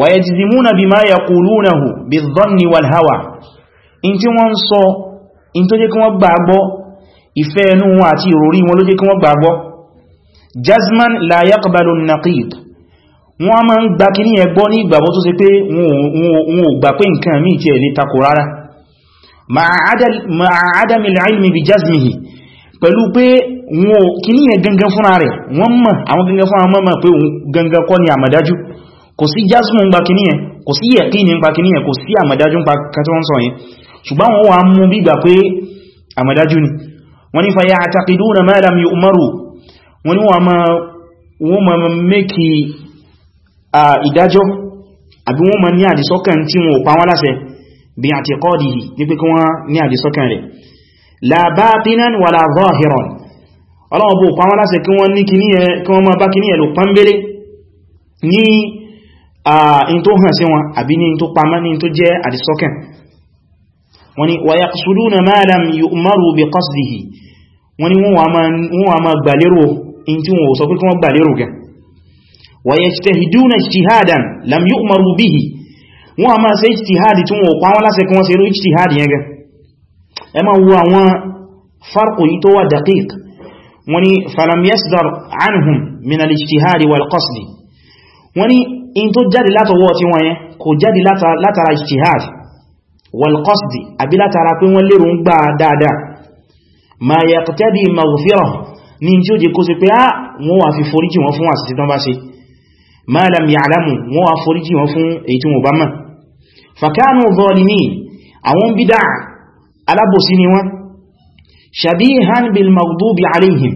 ويجزمون بما يقولونه بالظن والهوى in tí wọ́n sọ in tó jẹ́ kí wọ́n gbàgbọ́ ìfẹ́ ẹnu wọn àti ìròrí wọn ló jẹ́ kí wọ́n gbàgbọ́ jazman la yaqbalu an-naqid wọ́n ma ń gbà kí ní ẹgbọ́ ní ìgbàgbọ́ tó ṣe pé wọn ò gbà pé nǹkan míì tí ẹ̀ lè takò rárá ma'a adami al-ilmi bi pẹ̀lú pé wọn kí ní ẹ̀ gangan fúnra rẹ̀ wọ́n mọ̀ àwọn gangan fúnra mọ́ mọ̀ pé gangan kọ́ ni àmàdájú kò sí jasmu ń pa kìní ẹ̀ kò sí yẹ̀kíní ń pa kìní ẹ̀ kò sí àmàdájú ń pa kẹtọ́n sọ yẹn ṣùgbọ́n wọ́n wá mú bígbà pé àmàdájú ni wọ́n ní fa ya'taqiduna ma lam yu'maru wọ́n ní wọ́n ma mẹ́kì ìdájọ́ àbí wọ́n ma ní àdìsọ́kàn tí wọ́n pa wọ́n láṣẹ bí i'tiqadihi ní pé kí wọ́n ní àdìsọ́kàn rẹ̀ la batinan wala zahiran ọlọ́wọ́ bó pa wọ́n láṣẹ kí wọ́n ní kí wọ́n ma bá in tó hàn sí wọn àbí ní tó pamọ́ ní tó jẹ́ àdìsọ́kàn wọ́n ni wa yaqsuduna ma lam yu'maru bi qasdihi wọ́n ni wọ́n wà máa gbàlérò in tí wọ́n sọ pé kí wọ́n gbàlérò gan wa yajtahiduna ijtihadan lam yu'maru bihi wọ́n a máa ṣe ijtihadi tí wọ́n pa wọ́n láṣẹ kí wọ́n wà daqiq wọ́n ni in tó jáde látọwọ́ tí wọ́n yẹn kò jáde látara ijtihad walqasdi àbí látara pé wọ́n lérò ń gbà dáadáa ma yaqtadi maghfira ní tí ó jẹ kó sí pé ah, wọ́n wà fi foríjì wọn fún àti títán bá ṣe ma lam ya'lamu wọ́n wà foríjì wọn fún èyí tí wọ́n bá mọ̀ fakanu zalimin àwọn bídá alábòsí ni wọ́n shabihan bil maghdubi alayhim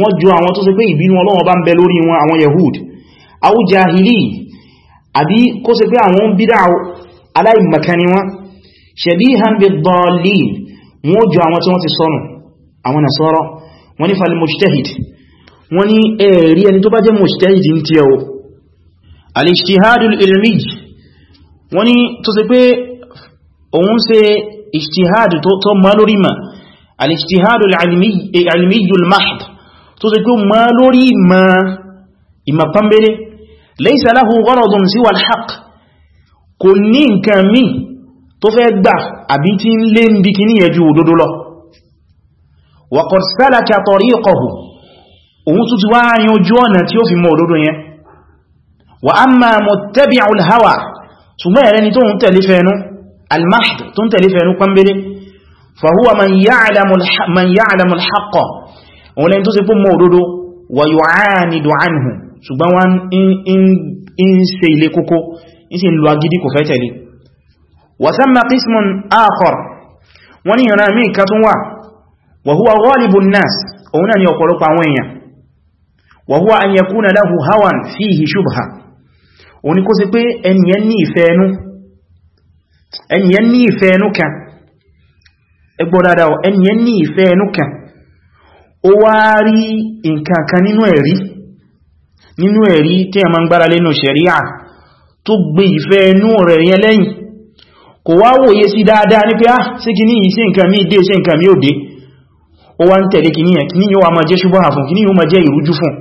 wọ́n ju àwọn tó sì pé ìbínú Ọlọ́run bá ń bẹ lórí wọn àwọn yahud aw jahili àbí kó ṣe pé àwọn bídá aláìmọ̀kání wọn shabihan bid-dallin wọ́n jọ àwọn tí wọ́n ti sọnù àwọn Nasara wọ́n ní fal mujtahid wọ́n ní ẹ̀rí ẹni tó bá jẹ́ mujtahid ní tí ẹwọ́ al-ijtihadul ilmi wọ́n ní tó ṣe pé laysa lahu gharadun siwa al-haqq kò ní nǹkan mí tó fẹ́ gbà àbí tí ń lé ń bí kí ní ẹjú òdodo lọ wa qad salaka tariqahu òun tó ti wá yín ojú ọ̀nà tí ó fi mọ òdodo yẹn wa man ya'lamu al-haqqa òun lẹ́ni tó sì fún mọ òdodo wa yu'anidu anhu ṣùgbọ́n wọ́n ń ṣe ilé kókó ń ṣe lọ agidi kò fẹ́ tẹ̀lé wa thamma qismun akhar wọ́n ni ìran mí ìkà tún wà wa huwa ghalibun nas òun náà ni ọ̀pọ̀lọpọ̀ àwọn èèyàn wa huwa an yakuna lahu hawan fihi shubha òun ni wá rí nǹkan kan nínú ẹ̀rí nínú ẹ̀rí tí a máa ń gbára lẹ́nu ṣẹ̀ríà tó gbé ìfẹ́ inú rẹ̀ yẹn lẹ́yìn kò wá wòye sí dáadáa ní pé á ah, sí kí ní ìṣe nǹkan mí dé ṣe nǹkan mí òde ó wá ń tẹ̀lé kì níyàn kì níyàn wá máa jẹ́ ṣubọ́ àfún kì níyàn máa jẹ́ ìrújú fún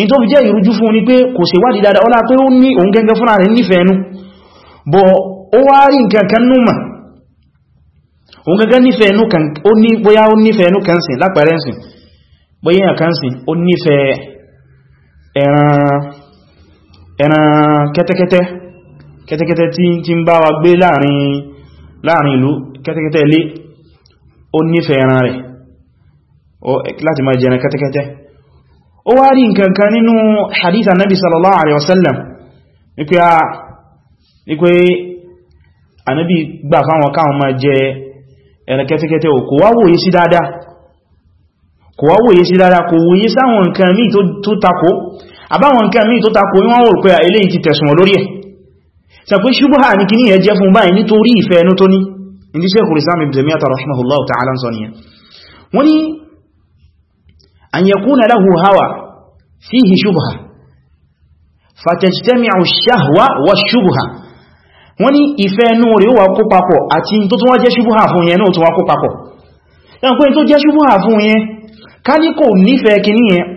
in tó fi jẹ́ ìrújú fún ni pé kò ṣe wádìí dáadáa ọlá pé ó ní òun gẹ́gẹ́ fúnra rẹ̀ nífẹ̀ẹ́ nú bọ̀ ó wá rí nǹkan kan nú mà òun gẹ́gẹ́ nífẹ̀ẹ́ nú kan ó ní bóyá ó nífẹ̀ẹ́ nú kan sìn lápẹẹrẹ sìn bóyá kan sìn ó nífẹ̀ẹ́ ẹran kẹ́tẹ́kẹ́tẹ́ kẹ́tẹ́kẹ́tẹ́ tí ń bá wa gbé láàrin ìlú kẹ́tẹ́kẹ́tẹ́ ilé ó nífẹ̀ẹ́ ẹran rẹ̀ láti máa jẹran kẹ́tẹ́kẹ́tẹ́ ó wá rí nǹkan kan nínú hadith annabi sallallahu alaihi wasallam wípé annabi gbà fáwọn káwọn máa jẹ ẹran kẹ́tẹ́kẹ́tẹ́ ò kò wá wòye sí dáadáa kò wá wòye sí dáadáa kò wòye sáwọn nǹkan míì tó takò àbáwọn nǹkan míì tó takò wọ́n wò pé eléyìí ti tẹ̀sùn lórí ẹ̀ sàpé ṣubúhà ní kíní ẹ̀ jẹ́ fún báyìí nítorí ìfẹ́ ẹnu tó ní ní Shaykhul Islam Ibn Taymiyyah rahimahullahu ta'ala sọ nìyẹn wọ́n ní an yakuna lahu hawa fihi shubha fatajtami'u ash-shahwa wash-shubha wọ́n ní ìfẹ́ ẹnu rẹ̀ wà kó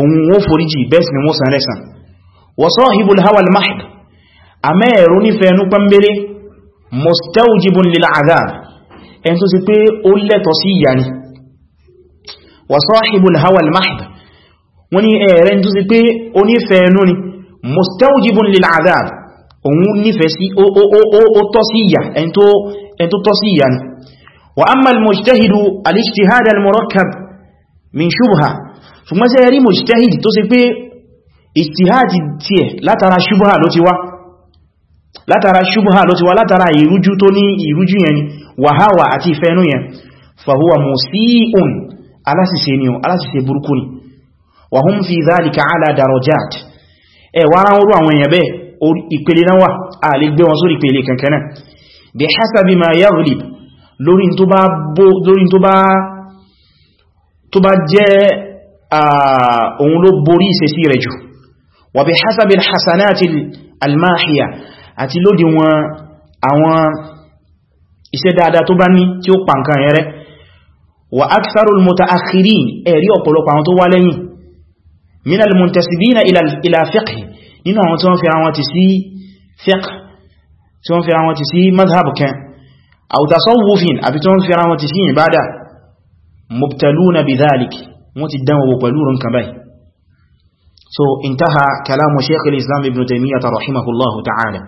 òun ó foríjì bẹ́ẹ̀sì ni wọ́n san lẹ́san wa sahibul hawa al-mahd àmẹ́ẹ̀rọ nífẹ́ ẹnu pẹ́mbẹ́rẹ́ mustaujibun lil azab ẹni tó sì pé ó lẹ́tọ̀ sí ìyà ni wa sahibul hawa al-mahd wọ́n ni ẹ̀rẹ́ tó sì pé ó nífẹ́ ẹnu ni mustaujibun lil azab òun nífẹ́ sí ó tọ́ sí ìyà ẹni tó tọ́ sí ìyà ni wa amma al-mujtahidu al-ijtihad al-murakkab min shubha ṣùgbọ́n ṣe rí mujtahid tó ṣe pé ìtìháàdì tiẹ̀ látara ṣubha ló ti wá látara ṣubha ló ti wá látara ìrújú tó ní ìrújú yẹn wàháwà àti ìfẹ́nú yẹn fahuwa musi'un aláṣìṣe ni aláṣìṣe burúkú ni wa hum fi dhalika ala darajat ẹ wá rán orú àwọn èèyàn bẹ́ẹ̀ ìpele náà wà a lè gbé wọn sórí ìpele kankanáà bí òun ló borí ìṣesí rẹ̀ jù wà bí hasabil hasanati almahiya àti lódi wọn àwọn iṣẹ́ dáadáa tó bá ní tí ó pàǹkan ẹrẹ wà aktharul mutaakhirin ẹ̀rí ọ̀pọ̀lọpọ̀ àwọn tó wá lẹ́yìn minal muntasibina ila fiqh nínú àwọn tí wọ́n fi àwọn ti sí fiqh tí wọ́n fi àwọn ti sí madhhab kan aw tasawwufin tí wọ́n fi àwọn ti sí ìbádà mubtaluna bidhalik wọ́n ti dánwò pẹ̀lú rùn kan báyìí so intaha kalamu sheikh al-islam ibn taymiyyah ta rahimahullahu ta'ala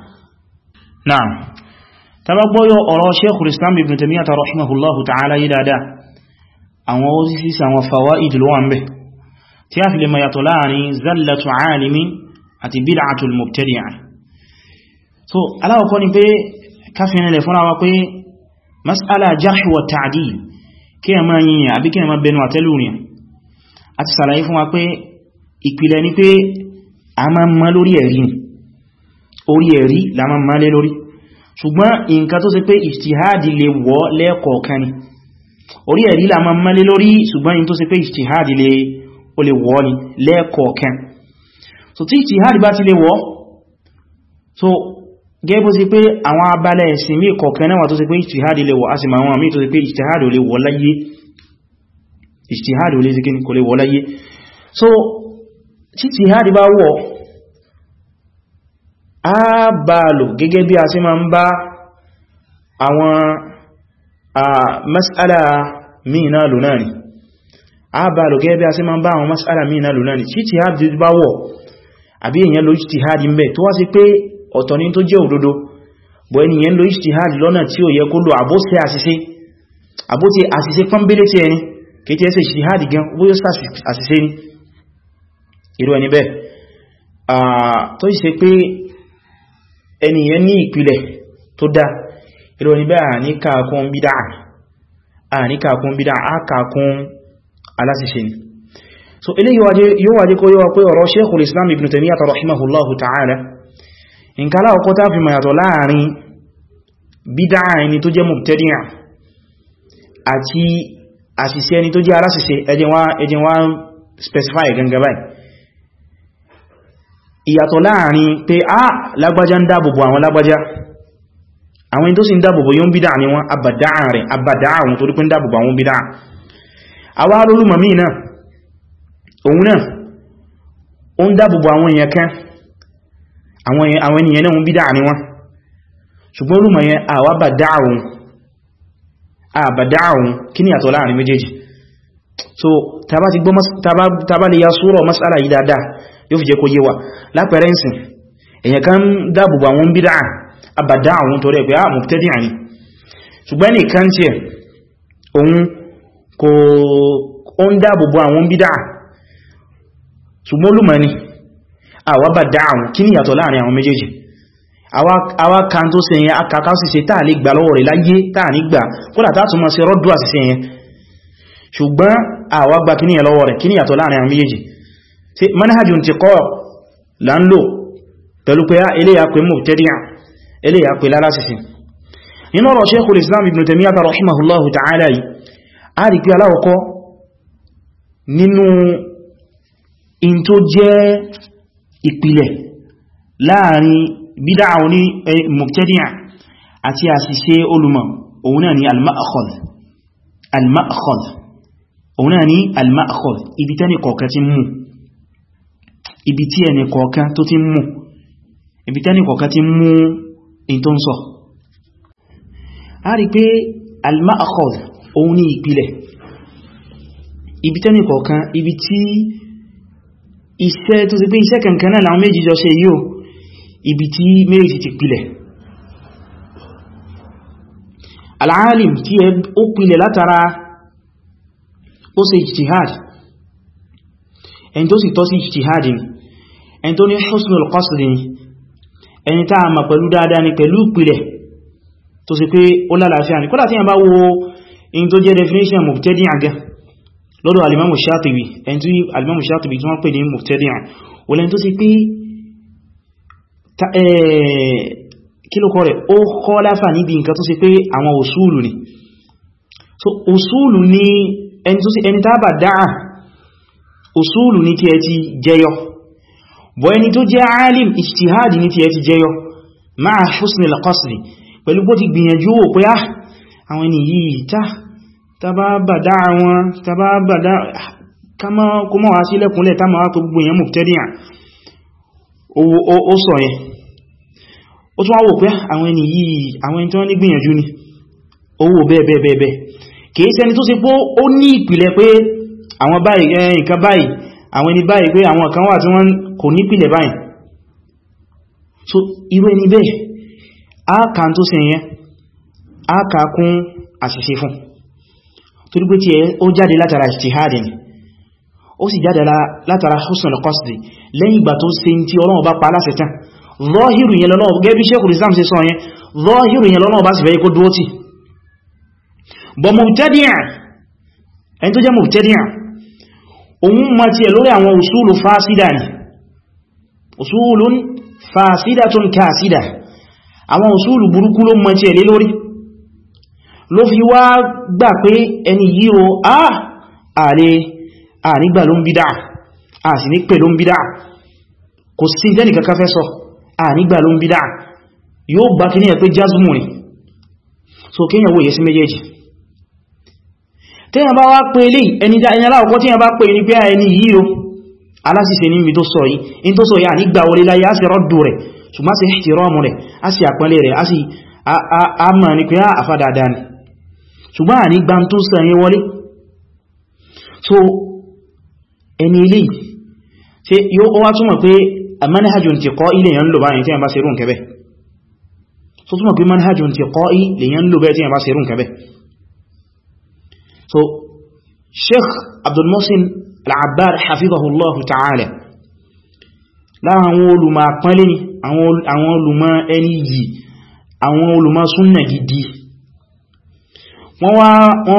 na'am tabagboyo ọ̀rọ̀ sheikh al-islam ibn taymiyyah ta rahimahullahu ta'ala yi dada àwọn orísìsí àwọn fawaid ló wà ń bẹ tí a fi lè mayàtọ̀ láàrin zallatu alimin àti bid'atul mubtadi'ah so aláwọ̀kọ́ ni pé káfínilẹ̀ fúnra wa pé mas'ala jarh wa ta'dil kí a máa yìnyìn àbí kí a máa bẹnu a ti sàlàyé fún wa pé ìpìlẹ̀ ni pé a ma ń ma lórí ẹ̀rí ni orí ẹ̀rí la ma ń ma lé lórí ṣùgbọ́n nǹkan tó ṣe pé ìṣtìháàdì lè wọ́ lẹ́ẹ̀kọ̀ọ̀kan ni orí ẹ̀rí la ma ń ma lé lórí ṣùgbọ́n so tí ìṣtìháàdì bá ti so gẹ́gbó sí pé àwọn abalẹ̀ ẹ̀sìn mí kọ̀ọ̀kan náà tó ṣe pé ìṣtìháàdì lè wọ́ a sì máa ìṣtìhádì olè sí kí kò lè wọláyé so tí ìṣtìhádì bá wọ́ a bá lò gẹ́gẹ́ bí a sí ma ń bá àwọn mas'ala mìíràn lò náà ni a bá lò gẹ́gẹ́ bí a sí ma ń bá àwọn mas'ala mìíràn lò náà ni tí ìṣtìhádì bá wọ́ àbí èèyàn lo ìṣtìhádì ń bẹ̀ tó wá sí pé ọ̀tọ̀ ni tó jẹ́ òdodo bọ̀ ènìyàn lo ìṣtìhádì lọ́nà tí ó yẹ kó lò àbóṣe àṣìṣe àbóṣe àṣìṣe pọ́nbélé tí ẹni kéèkì ẹsẹ̀ ìṣìdíhádì gan bóyó sàṣìṣe ní irú ẹni bẹ́ẹ̀ tó sì ṣe pé ẹniyàn ní ìpìlẹ̀ tó dá irú ẹni bẹ́ẹ̀ àníkàkún bídá àníkàkún bídá àkàkún aláṣìṣe ní so eléyìí yóò wájé kó yíwa pé ọ̀rọ̀ Sheikhul Islam Ibn Taymiyyah rahimahullahu ta'ala nǹkan láwọ́kọ́ tá fi mayàtọ̀ láàrin bídá ẹni tó jẹ́ mubtadi'a àṣìṣe ẹni tó jẹ́ aláṣìṣe ẹjìn wá ń specify gangan báyìí ìyàtọ̀ láàrin pé a lágbájá ń dáàbòbò àwọn lágbájá àwọn tó sì ń dáàbòbò yóò ń bídá ní wọn abàdáà rẹ̀ abàdáà wọn torí pé ń dáàbòbò àwọn bídá àwọn alólùmọ̀ míì náà òun náà ó ń dáàbòbò àwọn èèyàn kan àwọn ènìyàn náà ń bídá ní wọn ṣùgbọ́n olùmọ̀ yẹn àwábàdáà wọn àbàdáhùn ah, kí ni àtọ̀ láàrin méjèèjì so tàbá lè ya súrọ̀ masala yìí dáadáa yóò fi jẹ́ kó yé wa lápẹẹrẹ èyàn kan dáàbùbà àwọn bídá àbàdáhùn torí ẹgbẹ́ àmùtẹ́dì àní àwa kan tó sẹ́yìn akàkà síse táà lè gbà lọ́wọ́ rẹ̀ láyé táà ní gbà kódà táà tún sí rọ́dùwà sí sẹ́yìn ṣùgbọ́n àwa gba kí ní ẹ̀ lọ́wọ́ rẹ̀ kí láàrin àwọn méjèèjì tí manhajù ti kọ́ là ń lò pẹ̀lú pé ya pé ya eléyà pé lálásìsì ya ọ̀rọ̀ Sheikhul Islam Ibn a rí pé aláwọ̀kọ́ nínú láàrin bídá àwọn ní mubtadi'a àti àṣìṣe olùmọ̀ òun náà ni al-ma'khadh al-ma'khadh òun náà ni al-ma'khadh ibi tẹ́ni kọ̀ọ̀kan ti mú ibi tí ẹni kọ̀ọ̀kan tó ti mú ibi tẹ́ni kọ̀ọ̀kan ti mú in tó ń sọ a rí pé al-ma'khadh òun ni ìpìlẹ̀ ibi tẹ́ni kọ̀ọ̀kan ibi tí iṣẹ́ tó ti pé iṣẹ́ kankan náà làwọn méjì jọ ṣe yóò ibi tí méjì ti pilẹ̀ al-alim tí ó pilẹ̀ látara ó ṣe ijtihad ẹni tó sì tọ́ sí ijtihad ni ẹni tó ní husnul qasd ni ẹni tá a pẹ̀lú dáadáa ni pẹ̀lú ìpìlẹ̀ tó sì pé ó lálàáfíà ní kódà tí a wo in tó jẹ́ definition mubtadi'a àgá lọ́dọ̀ alimamu Shatibi ẹni tí alimamu Shatibi tí wọ́n pè ní mubtadi'a àwọlẹ́ni tó sì pé Eh, kílùkọ́ rẹ̀ ó kọ́ láfà níbi nǹkan tó ṣe pé àwọn òṣùlù ni so òṣùlù ni ẹni tó sí ẹni tábà dáa òṣùlù ni tí ẹ ti jẹyọ bọ́ ẹni tó jẹ́ alim ijtihadi ni tí ẹ ti jẹyọ máa husnil qasdi pẹ̀lú bó ti gbìyànjú wò pé ah, àwọn ẹni yìí tá tàbá bà dáa wọn tàbá bà dáa ah, kọmọ wá sílẹ̀kúnlẹ̀ tá ma wá pẹ̀ gbogbo ó tún wá wò pé ah, àwọn ẹni yìí àwọn ẹni tí wọ́n ní gbìyànjú ni owó bẹ́ẹ̀bẹ́ẹ̀bẹ́ẹ̀ kìí ṣẹni tó ṣe pé ó ní ìpìlẹ̀ pé àwọn báyìí nǹkan báyìí so irú ẹni bẹ́ẹ̀ a kà tó ṣe a kà kún àṣìṣe fún torí pé tí ẹ ó jáde látara ìtìhádì ni ó sì jáde látara husnul qasdi lẹ́yìn ìgbà tó ṣe tí Ọlọ́run bá pa aláṣẹ tán zọ́hìrù yẹn lọ́nà gẹ́ bí Sheikhul Islam ṣe sọ yẹn zọ́hìrù yẹn lọ́nà bá sì fẹ́ kó dúró tì bọ̀ mubtadi'a ẹni tó jẹ́ mubtadi'a òun ma ti ẹ̀ usulu fásídà ni usulun fásídàtun kásídà àwọn usulu burúkú ló a ààrẹ ànígbà ń bídá a sì ní pẹ̀lú ń bídá kò sí ìdẹ́nìkà káfẹ́ sọ ànígbà ló ń bídá yóò bá kí ní ẹ̀ pé jazmu ni so kíyàn wòye sí méjèèjì tíyàn bá wá pé lè ẹni aláwọ̀kọ́ tíyàn bá pé ní pé ẹni yìí o aláṣìṣe ní ibi tó sọ yìí in tó sọ yìí ànígbà wọlé láyé a sì rọ́dù rẹ̀ ṣùgbọ́n sí ihtiramu rẹ̀ á sì so ẹni ilé yóò wá túnmọ̀ manhajun intiqa'i lèyàn lò báyìí tí a bá ṣe rún kẹbẹ̀ so túnmọ̀ pé manhajun intiqa'i lèyàn lò bẹ́ẹ̀ tí a bá ṣe rún kẹbẹ̀ so sheikh abdul muhsin al-abbar hafizahullah ta'ala lára àwọn olùmọ̀ àpọ́nlé ni àwọn olùmọ̀ ẹni yìí àwọn olùmọ̀ súnnà gidi wọ́n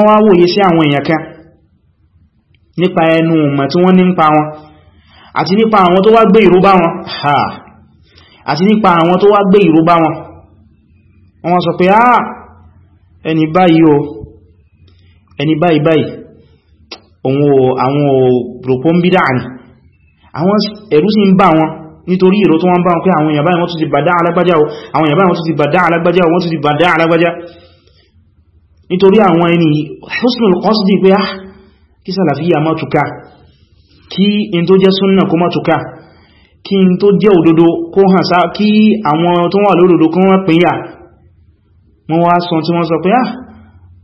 wá wòye sí àwọn èèyàn kan nípa ẹnu ọmọ tí wọ́n ní ń pa wọn àti nípa àwọn tó wá gbé ìró bá wọn ha àti nípa àwọn tó wá gbé ìró bá wọn wọ́n sọ pé ah ẹni báyìí o ẹni báyìí báyìí òun o àwọn o ròpó ń bí dáàni àwọn ẹ̀rú sì ń bá wọn nítorí ìró tó wọ́n bá wọn pé àwọn èèyàn báyìí wọ́n tún ti bàdá alágbájá o àwọn èèyàn báyìí wọ́n tún ti kí in tó jẹ́ súnnà kó má túká kí in tó jẹ́ òdodo kó hàn sá kí àwọn tó wà lódodo kó wọ́n pínyà wọ́n wá sọ tí wọ́n sọ pé ah,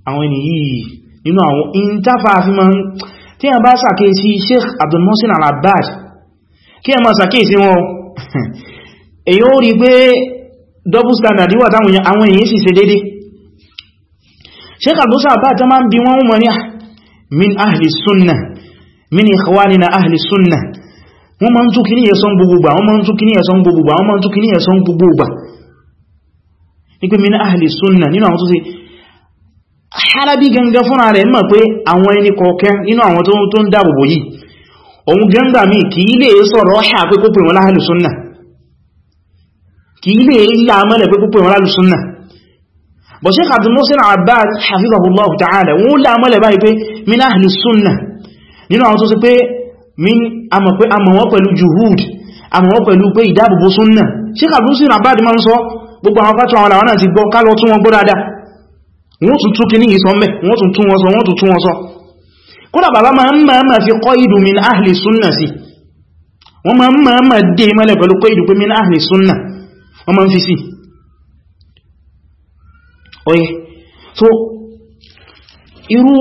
àwọn ènìyàn nínú àwọn ìntàfà àfihàn tí a bá sàkéèsí Sheikh Abdul Mohsin Al-Abbad kí a máa sàkéèsí wọn èyí ó rí pé double standard wà táwọn èyí sì se dédé Sheikh Abdul Mohsin Al-Abbad tó máa ń bi wọ́n mọ́ ní ah, min ahli sunnah min ikhwanina ahli sunnah wọ́n ma ń tún kìí ẹ̀sán gbogbogbà wọ́n ma ń tún kìí ẹ̀sán gbogbogbà wọ́n ma ń tún kìí ẹ̀sán gbogbogbà ní pé min ahli sunnah nínú àwọn tó sì harabi gangan fúnra rẹ̀ mọ̀ pé àwọn ẹni kọ̀ọ̀kẹ́ nínú àwọn tó ń dáàbòbò yìí òun gangba mi kìí lè sọ̀rọ̀ ṣà pé kó pè wọn láhàlù súnnà kìí lè ilá mẹ́lẹ̀ pé kó pè wọn láhàlù súnnà bọ̀ Sheikh Abdul Muhsin Abbad hafizahullahu ta'ala wọ́n lámẹ́lẹ̀ báyìí pé min ahli sunnah nínú àwọn tó sì pé àmọ̀ pé àmọ̀ wọn pẹ̀lú juhud àmọ̀ wọn pẹ̀lú pé ìdáàbòbò súnnà Sheikh Abdul-Sir Abbad ma ń sọ gbogbo àwọn fátọ̀ àwọn àwọn àti gbọ́ kálọ tún wọn gbọ́ dáadáa wọ́n tún tún kìíní ìsọ mẹ́ wọ́n tún tún wọn sọ wọ́n tún tún wọn sọ kódà bàbá ma ń máa fi kọ́ ìdù min ahli súnnà sí wọ́n ma ń máa máa dé mẹ́lẹ̀ pẹ̀lú kọ́ ìdù pé min ahli súnnà wọ́n ma ń fi sí oye so irú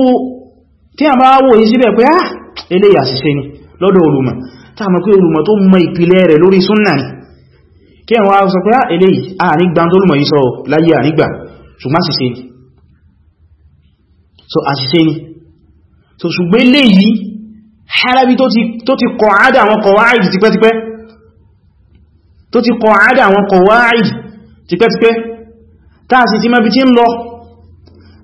tí a bá wò yìí síbẹ̀ pé á ah, ilé àṣìṣe ni lọ́dọ̀ olùmọ̀ tí a mọ̀ pé olùmọ̀ tó mọ ìpìlẹ̀ rẹ̀ lórí súnnà ni kí ẹ̀ wá sọ pé á ilé àrígbà tó lùmọ̀ yìí láyé àrígbà ṣùgbọ́n so àṣìṣe so ṣùgbọ́n ilé yìí harabi tó ti kọ àádà àwọn kọwàáìdì tipẹ́tipẹ́ tó ti kọ àádà àwọn kọwàáìdì tipẹ́tipẹ́ táà sì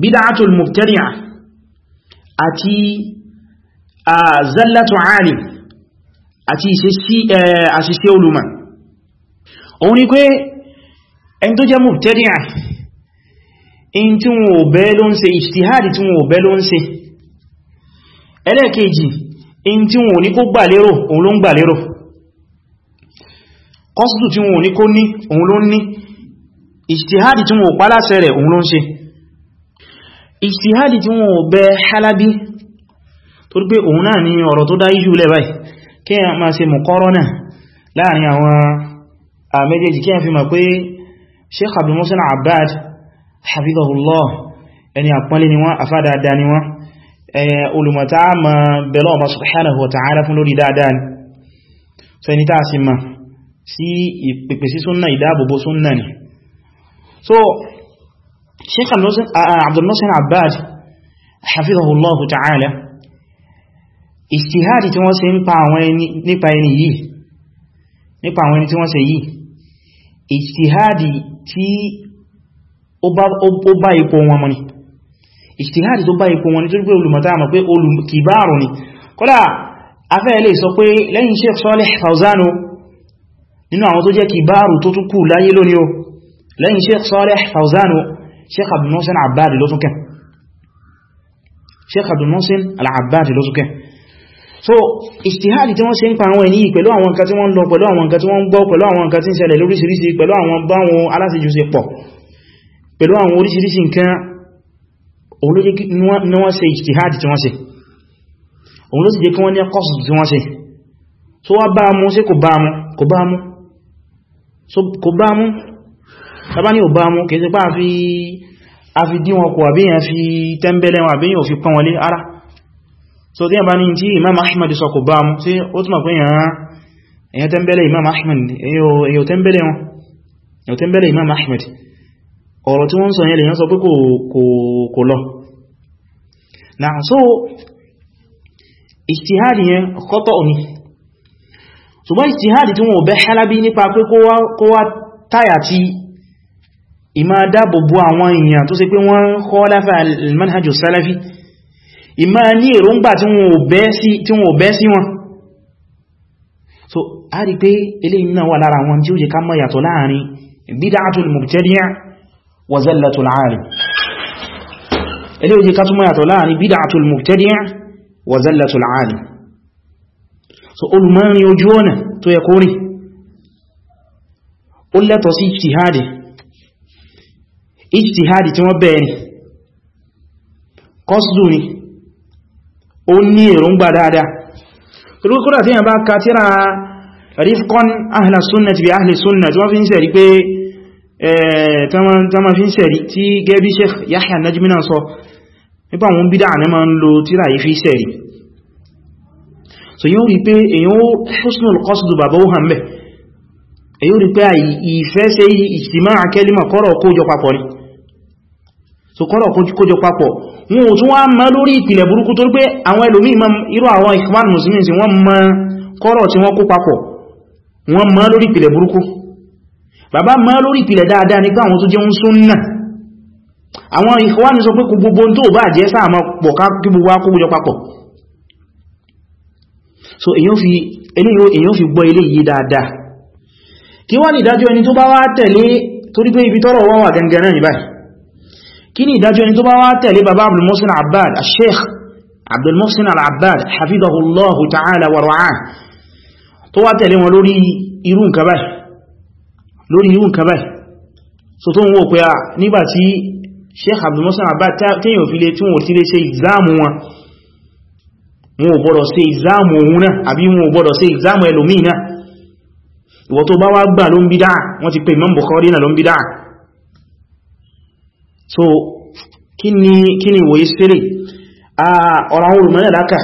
bid'atul mubtadi'ah àti zallatu alim àti àṣìṣe olùmọ̀ òun ni pé ẹni tó jẹ́ mubtadi'ah in tí wọn ò bẹ́ ló ń ṣe ijtihadi tí wọn ò bẹ́ ló ń ṣe ẹlẹ́ẹ̀kejì in tí wọn ní kó gbà òun ló ń gbà kọ́sùtù tí wọn ní kó ní òun ló ń ní ijtihadi tí wọn pálásẹ̀ rẹ̀ òun ló ń ṣe ìṣtíhádì tí wọ́n bẹ Halabi tó rí pé òun náà ni ọ̀rọ̀ tó dá iṣu lẹ́ báyìí kí a máa ṣe mọ̀kọ́rọ́nà láàrin àwọn àmẹ́jẹjì kí a fi mọ̀ pé Sheikh Abdul Muhsin Abbad hafizahullah ẹni àpọ́nlé ni wọ́n afá dáadáa ni wọ́n olùmọ̀ta ma so Sheikh Abdul Mohsin Abbad hafizahullahu ta'ala istihadi tí wọ́n ṣe nípa ẹni yìí nípa àwọn ẹni tí wọ́n ṣe yìí istihadi tí ó bá ipò wọn mọ́ ni istihadi tó bá ipò wọn ni tó gbé olùmọ̀tá àmà pé olùkìbáàrù ni kódà afẹ́ ilé sọ pé lẹ́yìn Sheikh Salih Fawzan nínú àwọn tó jẹ́ kìbáàrù tó tún kù láyé lónìí o lẹ́yìn Sheikh Salih Fawzan sheikh abdul mohsin al-abbadi ló tún kẹ́ sheikh abdul mohsin al-abbadi ló tún kẹ́ so ijtihadi tí wọ́n ṣe ń pa àwọn ẹni pẹ̀lú àwọn nǹkan tí wọ́n lọ pẹ̀lú àwọn nǹkan tí wọ́n gbọ́ pẹ̀lú àwọn nǹkan tí ń ṣẹlẹ̀ lóríṣiríṣi pẹ̀lú àwọn báwọn aláṣejù ṣe pọ̀ pẹ̀lú àwọn oríṣiríṣi nǹkan olójé ní wọ́n ṣe ijtihadi tí wọ́n ṣe òun ló sì jẹ́ kí wọ́n ní qasd tí wọ́n ṣe so wá bá mú sí kò bá mú kò bá mú tàbá ní ọba mú kìí sípá àfi dí wọn kò àbíyàn fi tẹ́m̀bẹ̀lẹ̀ wọn àbíyàn fi pán wọlé ara so tí yàn bá ní tí imam ahmed sọ kò bá mú tí ó túnmà pé èyàn tẹ́m̀bẹ̀lẹ̀ imam ahmed èyàn tẹ́m̀bẹ̀lẹ̀ imam ahmed ọ̀rọ̀ tí wọ́n sọ yẹn lèyàn sọ pé kò lọ na so ìtìhádì yẹn kọ́tọ̀ òní ṣùgbọ́n ìtìhádì tí wọ́n ò bẹ́ hálábí nípa pé kó wá táyà tí ìmá dábòbò àwọn èèyàn tó ṣe pé wọ́n khalafa al-manhaju salafi ìmá ní èròǹgbà tí wọ́n ò bẹ́ sí wọn so a rí pé eléyìí náà wà lára wọn tí ó jẹ ká mọ̀ yàtọ̀ láàrin bid'atul mubtadi' wa zallatul 'alim so olùmọ́rin ojú ọ̀nà tó yẹ kórì ijtihadi tí wọ́n bẹ̀ẹ̀ ni kọ́sùdù ni ó ní èròǹgbà dáadáa rúkúrà tí yàn bá ka tíra rifkon ahla sunna ti bí ahli sunna tí wọ́n fi ń sẹ̀rí pé tán ma fi ń sẹ̀rí tí gẹ́bí yahya najmina sọ nípa àwọn bídá ma ń lo tíra yìí fi sẹ̀rí so rí pé èyàn ó bàbá mẹ́ èyàn rí so kọ́rọ̀ kójọ papọ̀ wọn ò tún wá ma lórí ìpìlẹ̀ burúkú tó pé àwọn ẹlòmí ma irú àwọn ikhwan muslimin sí wọ́n ma kọ́rọ̀ tí wọ́n kó papọ̀ wọ́n ma lórí ìpìlẹ̀ burúkú bàbá ma lórí ìpìlẹ̀ dáadáa nípa àwọn tó jẹ́ so èyàn fi gbọ́ ilé yìí dáadáa kí wá ní ìdájọ́ ẹni tó bá wá tẹ̀lé torí kí ni ìdájọ́ ẹni tó bá wá tẹ̀lé bàbá Abdul Muhsin Al-Abbad al-Sheikh Abdul Muhsin Al-Abbad hafidhahullahu ta'ala wa ra'ah tó wá tẹ̀lé wọn lórí irú nǹkan báyìí lórí irú nǹkan báyìí so tó ń wò pé a nígbàtí Sheikh Abdul Muhsin Al-Abbad tẹ́yìn òfilé tí wọ́n ti lè ṣe ìzáàmù wọn wọn ò gbọ́dọ̀ ṣe ìzáàmù òun náà àbí wọn ò gbọ́dọ̀ ṣe ìzáàmù ẹlòmíì náà ìwọ tó bá wá gbà ló ń bídá wọ́n ti pè Imam Bukhari náà ló ń bídá so kíni kíni wo yisiri wòye sílẹ̀ ọ̀rọ̀ àwọn olùmọ̀lẹ̀ láka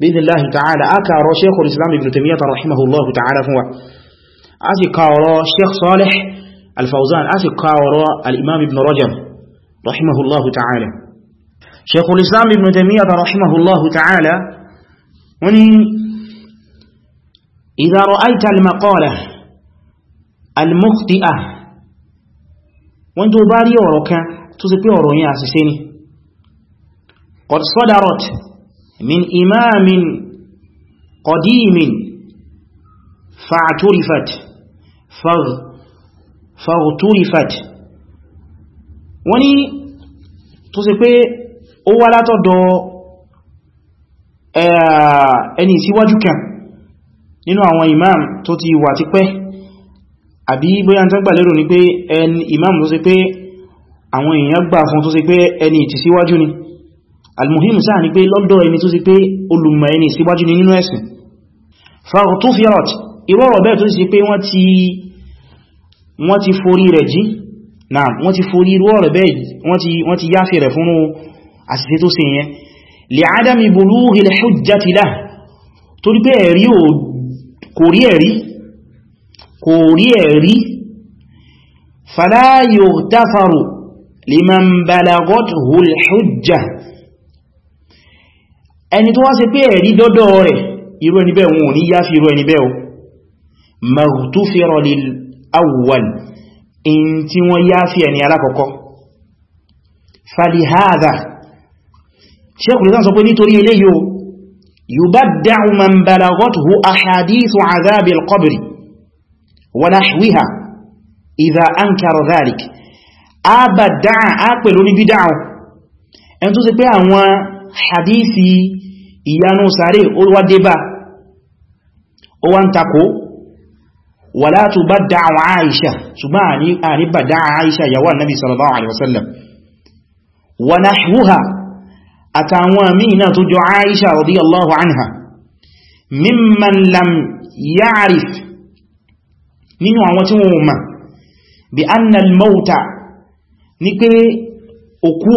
bídínláhì ta'ala aka ro sheikhul islam ibn taymiyyah rahimahullah ta'ala fún wa a sì ka ọ̀rọ̀ sheikh salih al-fawzan a sì ka ro al al-imam ibn rajab rahimahullah ta'ala sheikhul islam ibn taymiyyah rahimahullah ta'ala wani idan ra'aita al-maqala al-mukhti'ah wọ́n tó bá rí ọ̀rọ̀ kan tó sì pé ọ̀rọ̀ yẹn àṣìṣe ni qad sadarat min imamin qadimin fa'turifat fa'turifat wọ́n ni tó sì pé ó wá látọ̀dọ̀ eh, ẹni síwájú kan nínú àwọn imam tó ti wà ti pẹ́ àbí bóyá tán gbà lérò ní pé ẹni imam tó ṣe pé àwọn èèyàn gbà fún tó ṣe pé ẹni ìtìsíwájú ni almuhim sáà ni pé lọ́dọ̀ ẹni tó ṣe pé olùmọ̀ ẹni ìsíwájú ni nínú ẹ̀sìn fàtúfíàt ìwọ́rọ̀ bẹ́ẹ̀ tó ṣe pé wọ́n ti forí rẹ̀ jí na wọ́n ti forí irú ọ̀rọ̀ bẹ́ẹ̀ wọ́n ti yáfẹ́ rẹ̀ kò rí ẹ̀rí fala yughtafaru liman balaghathu al-hujja ẹni tó wá ṣe pé ẹ̀rí dọ́dọ̀ rẹ̀ irú ẹni bẹ́ẹ̀ wọn ò ní yáfi irú ẹni bẹ́ẹ̀ o maghfira lil awwal in tí wọ́n yáfi ẹni alákọ̀ọ́kọ́ falihada Sheikh sọ pé nítorí ونحوها إذا أنكر ذلك أبا الدعاء أقبل بدعو أن تسبع حديثي إيانو ساري أولو الدبا وانتقو ولا تبدع عائشة سبعني أن بدع عائشة يوى النبي صلى الله عليه وسلم ونحوها أتعوى مينة تجو عائشة رضي الله عنها ممن لم يعرف nínú àwọn tí wọ́n mọ̀ bí annal mauta ní pé òkú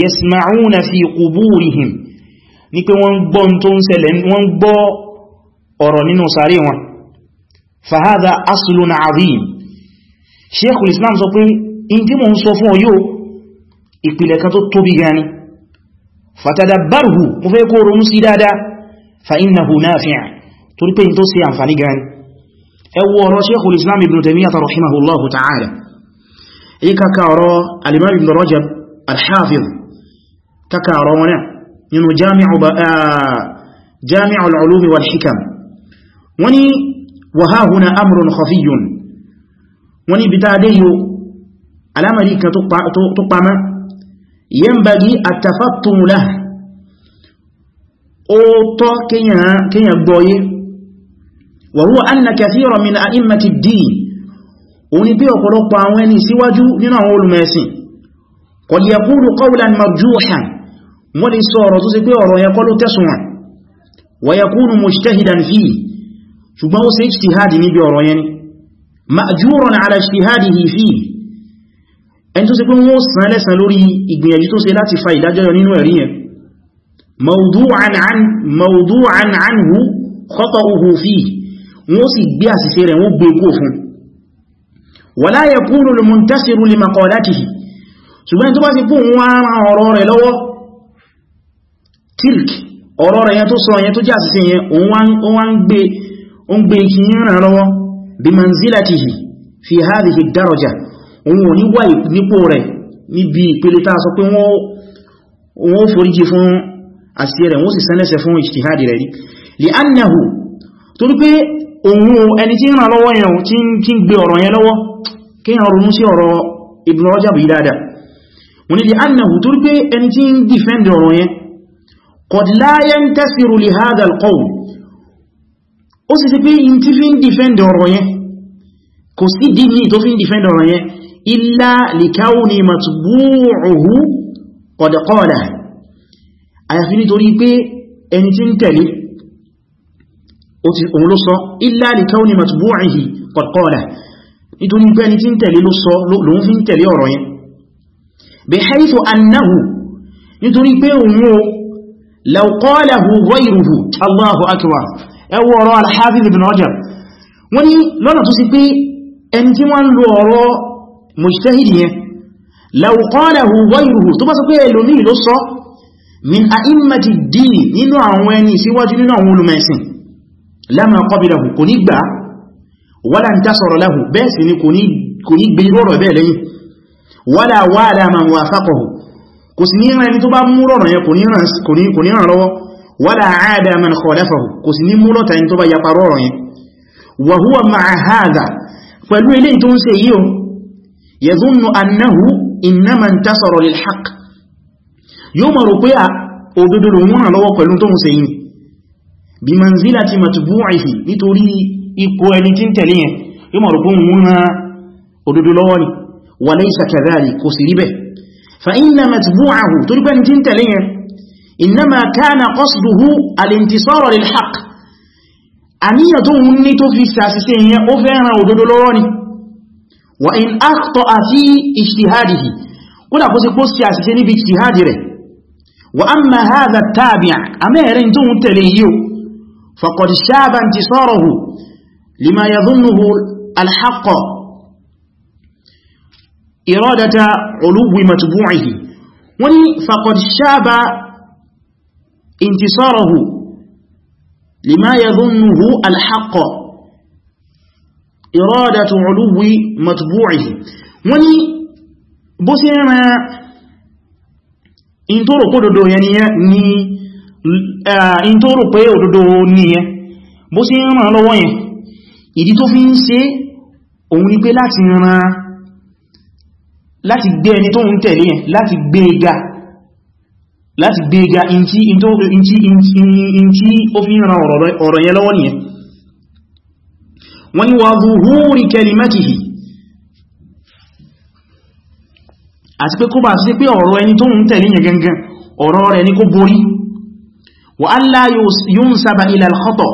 yasma'una fi quburihim ní pé wọ́n gbọ́ tó ń ṣẹlẹ̀ wọ́n gbọ́ ọ̀rọ̀ nínú sàréè wọn fa hadha aslun azim sheikhul islam sọ pé in tí mo ń sọ fún ọyọ́ ìpìlẹ̀ kan tó tóbi gani fatadabbarhu mo fẹ́ kó ronú sí dáadáa fa innahu nafi' torí pé in tó ṣe àǹfàní gani ẹwọ ọ̀rọ̀ sheikhul islam ibn taymiyyah rahimahullahu ta'ala èyí kaka ọ̀rọ̀ alimari ibn rajab al-hafiz kaka ọ̀rọ̀ wọn náà nínú jami'ul ah, ulumi wal hikam wani wa ha huna amrun khafiyun wani bi ta dayo alamari kan tó pamá yanbaghi at-tafattum lahu ó tọ́ kíyàn gbọ́yé وهو أن كثيرا من أئمة الدين ونبي أقولك وعواني سواجو لنعول ماسين قد يقول قولا مرجوحا ولسوا رسوسك ويقول تسمع ويكون مجتهدا فيه شبه سيجتهاد نبي أروياني مأجورا على اجتهاده فيه أنت سيكون وصنا لسا لوري إبن يجتو سيلاتي فايدا جنين وريا موضوعا, عن موضوعا عنه خطأه فيه wọ́n sì gbé àṣìṣe rẹ̀ wọ́n gbé kó fún wala yakunu al-muntasiru li maqalatihi ṣùgbọ́n tó bá ti fún wọn ara ọ̀rọ̀ rẹ̀ lọ́wọ́ tilk ọ̀rọ̀ rẹ̀ yẹn tó sọ yẹn tó jẹ́ àṣìṣe yẹn ó wá ń gbé kí yíran lọ́wọ́ bí manzilatihi fi hadhihi ad-daraja òun ò ní wà nípò rẹ̀ a sọ pé wọ́n ó foríjì fún àṣìṣe rẹ̀ sì sánlẹ̀sẹ̀ torí pé òun ẹni tí ń ràn lọ́wọ́ yẹn tí ń kí ń gbé ọ̀rọ̀ yẹn lọ́wọ́ kí ń ronú sí ọ̀rọ̀ Ibn Rajab yìí ni di annahu tó rí pé ẹni tí ń dìfẹ́ndì ọ̀rọ̀ yẹn qad la yantasiru li hadha òun ló sọ illa li kawni matbu'ihi qad qala nítorí pé ẹni tí ń tẹ̀lé ló sọ lòun fi ń tẹ̀lé ọ̀rọ̀ yẹn bihaythu annahu nítorí pé òun o law qalahu ghayruhu Allahu akbar ẹwọ ọ̀rọ̀ al-Hafiz ibn Rajab wọ́n ní lọ́nà tó sì pé ẹni tí wọ́n ń lo ọ̀rọ̀ bá sọ pé ẹlòmí ló sọ min a'immati ad nínú àwọn ẹni síwájú nínú àwọn olùmẹ̀sìn lámà kọbílẹ̀hù kò ní gbà wọ́lá ń tásọ̀rọ̀ láhù bẹ́ẹ̀ sì ni kò ní gbé rọ̀rọ̀ bẹ́ẹ̀ lẹ́yìn wọ́lá wà láàmà wà fákọ̀hù kò sì ní rẹ̀ ní tó bá mú rọ̀rọ̀ yẹn kò ní ràn lọ́wọ́ wọ́lá àádámà kọ̀lẹ́fàhù kò sì ní mú lọ́ta yẹn tó bá yapa rọ̀rọ̀ yóò mọ̀ rò pé òdodo lòun ràn lọ́wọ́ pẹ̀lú tó ń bí manzilati matbu'ihi nítorí ipò ẹni tí ń tẹ̀lé yẹn yóò mọ̀ rùkún múná òdodo lọ́wọ́ ni wa laysa kadhalik kò sí rí bẹ̀ fa inna matbu'ahu torí pé ẹni tí ń tẹ̀lé yẹn innama kana qasduhu al-intisara lil haqq àníyàn tó ń ní tó wa amma hadha at-tabi' àmẹ́rin tó ń tẹ̀lé فقد شاب انتصاره لما يظنه الحق إرادة علو متبوعه وني فقد شاب انتصاره لما يظنه الحق إرادة علو متبوعه وني بسيما انتروا قددو يعني, يعني in tó rò pé òdodo níyẹn bó sí ń ràn lọ́wọ́ yẹn ìdí tó fi ń ṣe òun ni pé láti ran láti gbé ẹni tó ń tẹ̀lé yẹn láti gbé e ga láti gbé e ga inti inti ó fi ran ọ̀rọ̀ yẹn lọ́wọ́ nìyẹn wọ́n ni wà zuhúrí kẹlimẹ́kìhì àti pé kó bá sí pé ọ̀rọ̀ ẹni tó ń tẹ̀lé yẹn gangan ọ̀rọ̀ rẹ̀ ni kó borí wà á lá yóò ń sábà ilẹ̀ alkhọ́tọ̀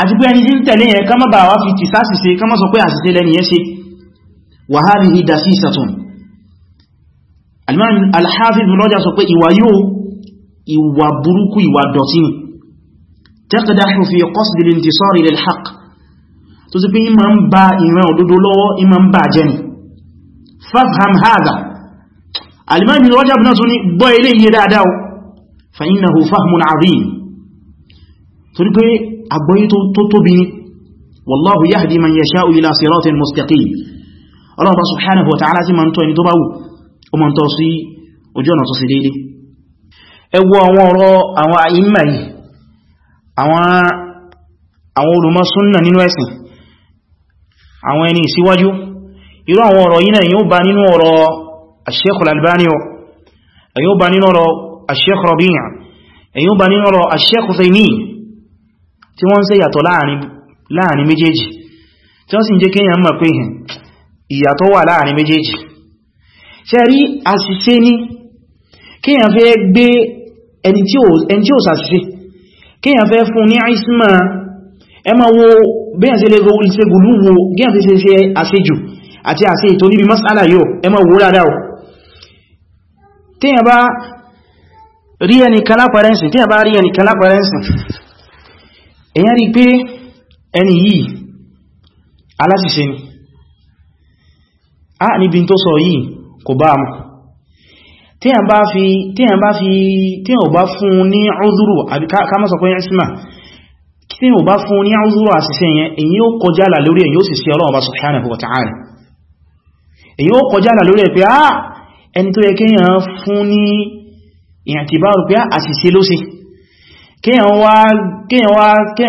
àti pé ẹni tí ń tẹ̀lé yẹn ká má bá wá fi ti sáàsìse ká má sọ pé àsìse lẹ́ni yẹn ṣe wà á rí ìdá sí ìsàtún alhafiz lọ́jà sọ pé ìwà yóò ìwà burúkú ìwà dọ̀tín tẹ́kẹ̀dáhù fi kọ́sìdìlì ti sọ́rì lil haqq tó sì pé ìmọ̀ ń ba ìran òdodo lọ́wọ́ ìmọ̀ ń bà jẹ́ fafham hadha alimami lọ́jà bí náà tún ní gbọ́ ilé iye dáadáa فإنه فهم عظيم تركي أبويت تطبني والله يهدي من يشاء إلى صراط مستقيم الله سبحانه وتعالى من توني تباو ومن توصي وجونا تصديدي ẹwọ àwọn ọ̀rọ̀ àwọn àìmà yìí àwọn olùmọ̀ ẹni ìsíwájú irú àwọn ọ̀rọ̀ yìí náà yóò bá nínú ọ̀rọ̀ Sheikh Al-Albani yóò bá nínú ọ̀rọ̀ Sheikh Rabi' èyí ó bá nínú ọ̀rọ̀ Sheikh Uthaymeen tí wọ́n ń ṣe yàtọ̀ láàrin méjèèjì tí wọ́n sì ń jẹ́ kíyàn mọ̀ pé hẹn ìyàtọ̀ wà láàrin méjèèjì ṣe rí àṣìṣe ní kíyàn fẹ́ gbé ẹni tí ó ṣàṣìṣe kíyàn fẹ́ fún ní àìsímà ẹ ma wo bíyàn sí lẹ́gbẹ̀ẹ́ gùlúwò gíyàn sí ṣe àṣejù àti àṣe ìtò níbi masala yóò ẹ ma wo dáadáa tíyàn bá rí ẹnìkan lápẹrẹnsì tí a bá rí ẹnìkan lápẹrẹnsì èyàn rí pé ẹni yìí ala ni a níbi tó sọ yìí kò bá mú tí a bá fi tí a bá fi fún ní ọdúrù àbí pé ẹ̀sìmá tí a bá fún ní ọdúrù àṣìṣe yẹn èyí ó kọjá lórí ẹ̀ pé ah, ẹni tó yẹ ìyàtìbáru pé ah, àṣìṣe ló ṣe kíyàn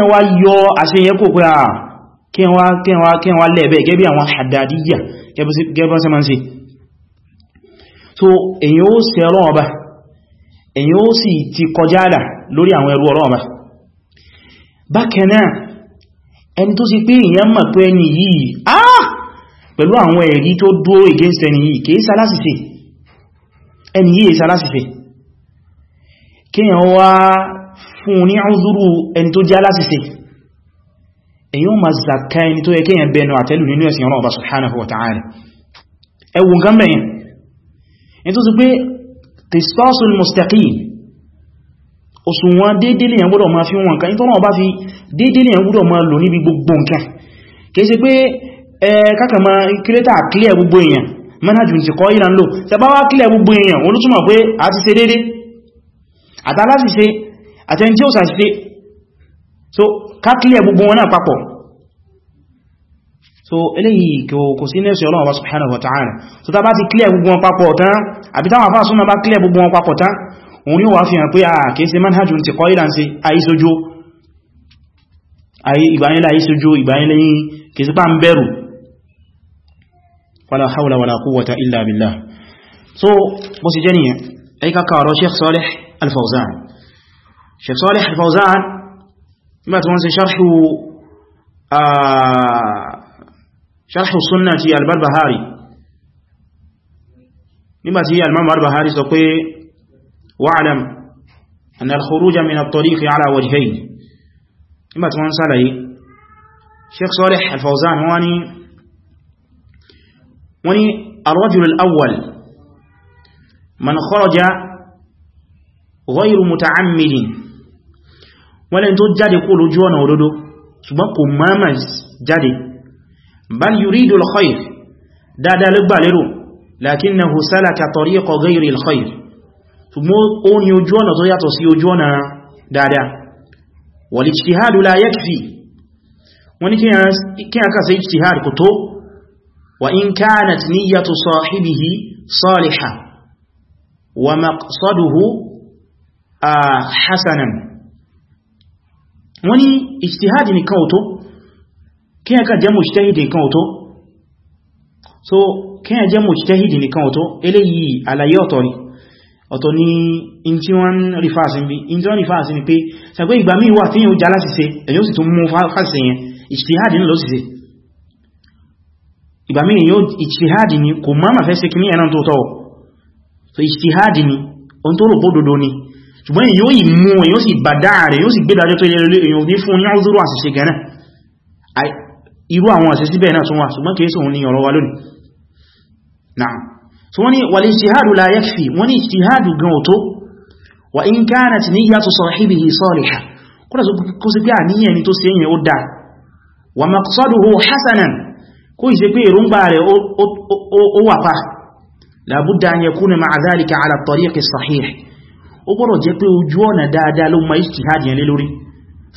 wá yọ àṣeyẹ kò pé àà ah, kíyàn wá lẹ́ẹ̀bẹ̀ gẹ́bí àwọn haddadiyya gẹ́bọ́n sí máa ń ṣe so èyàn ó ṣe ọlọ́run ọba èyàn ó sì ti kọjá àlà lórí àwọn ẹrú ọlọ́run ọba ah pẹ̀lú àwọn ẹ̀rí tó dúró against ẹni yìí kìí sálásìfẹ́ ẹni yìí sálásìfẹ́ kíyàn wá fún ní ọzúrú ẹni tó jẹ́ aláṣìṣe èyí o ma zaka ẹni tó yẹ kíyàn bẹnu àtẹ́lù nínú ẹ̀sìn ọ̀rọ̀ ọba subhanahu wa ta'ala ẹwùn gan bẹ̀yìn ẹni tó sì pé tìsọ́sùn mustaqim òṣùwọ̀n dédélé yẹn gbọ́dọ̀ máa fi wọn kan nítorọ̀ ọba fi dédélé yẹn gbọ́dọ̀ máa lò níbi gbogbo nǹkan kìí ṣe pé ẹ kákà àtàlásìṣe àtẹni tí ó sàṣìṣe so kákílẹ̀ gbogbo wọn náà papọ̀ so eléyìí kò sí nẹ́sì Ọlọ́run wa subhanahu wa ta'ala so ta bá ti kílẹ̀ gbogbo wọn papọ̀ tán àbí táwọn afá súnmọ́ bá kílẹ̀ gbogbo wọn papọ̀ tán òun ni ó fi hàn pé a kìí ṣe manhajun ti kọ́ ìlànsí àìsójó ìgbàyínlẹ̀ àìsójó ìgbàyínlẹ̀ الفوزان الشيخ صالح الفوزان ما تنسى شرح آه شرح السنة البربهاري لما تي الإمام البربهاري سوكي واعلم أن الخروج من الطريق على وجهين لما تنسى لي الشيخ صالح الفوزان واني واني الرجل الأول من خرج غَيْرُ مُتَعَمِّدٍ وَلَنْ تُجَادِ قُولُ جُوَنَا وَدُدُو سُبَا كُمَامَزْ جَادِ بَلْ يُرِيدُ الْخَيْرِ دَادَ لِبَا لِرُو لَكِنَّهُ سَلَكَ طَرِيقَ غَيْرِ الْخَيْرِ سُبَا قُونِ يُجُوَنَا تُيَاتُسْ يُجُوَنَا دَادَ والاجتهاد لَا يَكْفِي وَنِكِنْ أَكَسَ إِجْتِهَادُ كُتُو وَإِنْ كَانَتْ نِيَّةُ صَاحِبِهِ صالحه ومقصده hasanan wọ́n ní ijtihadi nìkan ò tó kí ẹka jẹ́ mujtahidi nìkan ò so kí ẹ jẹ́ mujtahidi nìkan ò tó eléyìí àlàyé ọ̀tọ̀ ni ọ̀tọ̀ ni in tí wọ́n rí fásí bí in tí wọ́n rí fásí ni pé sàgbé ìgbà míì wà tí yíò já láti ṣe èyí sì tún mú so ijtihadi ni ohun tó ṣùgbọ́n èyí ó yìí mú èyí ó sì bàdá rẹ̀ yóò sì gbédájọ́ tó ilẹ̀ èyí ò ní fún ní ọdúrú àṣìṣe gẹ̀ẹ́nà irú àwọn àṣìṣe bẹ́ẹ̀ náà tún wà ṣùgbọ́n kìí sóhun ní ọ̀rọ̀ wa lónìí náà so wọ́n ni wàlí ṣíhádù la yakfi wọ́n ni ṣíhádù gan ọ̀tọ́ wà in kanat niyyatu sahibihi salihah kúrò kó sí ó gbọ́dọ̀ jẹ́ pé ojú ọ̀nà dáadáa ló ma ijtihad yẹn lé lórí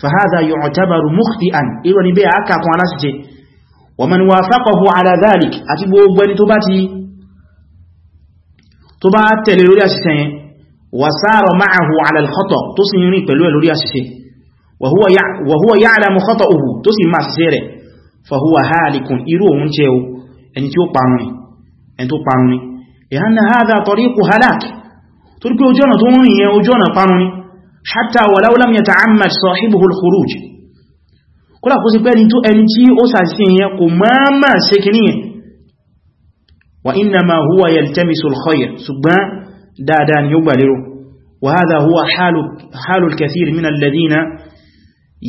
fahadha yu'tabaru mukhti'an irọ́ ni bẹ́ àkàkùn aláṣìṣẹ́ wa man wafaqahu ala dhalik àti gbogbo ẹni tó bá ti tó bá tẹ̀lé lórí àṣìṣẹ́ yẹn wa sara ma'ahu ala al-khata tó sì rìn pẹ̀lú ẹ̀ lórí torí pé ojú ọ̀nà tó ń rìn yẹn ojú ọ̀nà panu ni hatta walau lam yata'ammad sahibuhu al-khuruj kódà kó sí pé ẹni tó ẹni tí ó sàṣì yẹn kò máa máa ṣe kì níyẹn wa innama huwa yaltamisu al-khayr ṣùgbọ́n dáadáa ni ó gbà lérò wa hadha huwa halu al-kathir min alladhina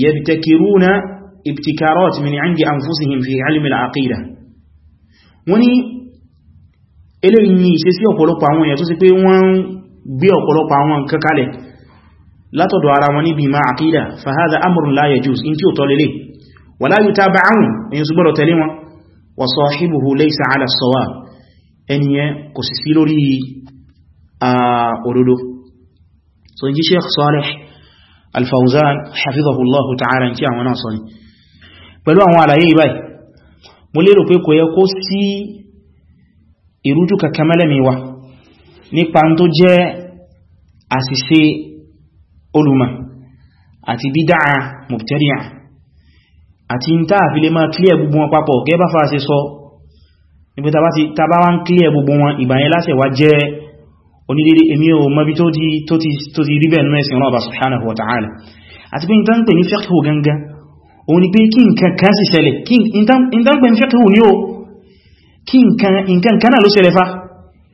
yabtakiruna ibtikarat min 'indi anfusihim fi 'ilmi al-aqida wọ́n ni eléyìí ni ìṣesí ọ̀pọ̀lọpọ̀ àwọn èèyàn tó sì pé wọ́n gbé ọ̀pọ̀lọpọ̀ àwọn nǹkan kalẹ̀ látọ̀dọ̀ ara wọn níbi ma àkídà fahada amrun la yajuz in tí ó tọ́lélé wà láyú ta bá áhùn èyí sí gbọ́dọ̀ tẹ̀lé wọn wà sahibuhu laysa ala sawab ẹniyẹn kò sì sí lórí òdodo so yí Shaykh Saalih Al sọ ni pẹ̀lú àwọn àlàyé kò sí ìrújú kàkàmẹ́lẹ́mí nípa tó jẹ́ àṣìṣe olùmọ̀ àti bídá mubtadi'a àti ń tàà fi lè máa clear gbogbo wọn papọ̀ gẹ́ bá fàá sí sọ níbi tàbá wá ń clear gbogbo wọn ìbàyẹn láṣẹ̀ wá jẹ́ onídédé èmi o mọ́bí tó ti rí bẹ̀ẹ̀ nínú ẹ̀sìn ọlọ́ọ̀bá subhanahu wa ta'ala àti pé ìtànpẹ̀ ní fiqhu gangan òun ni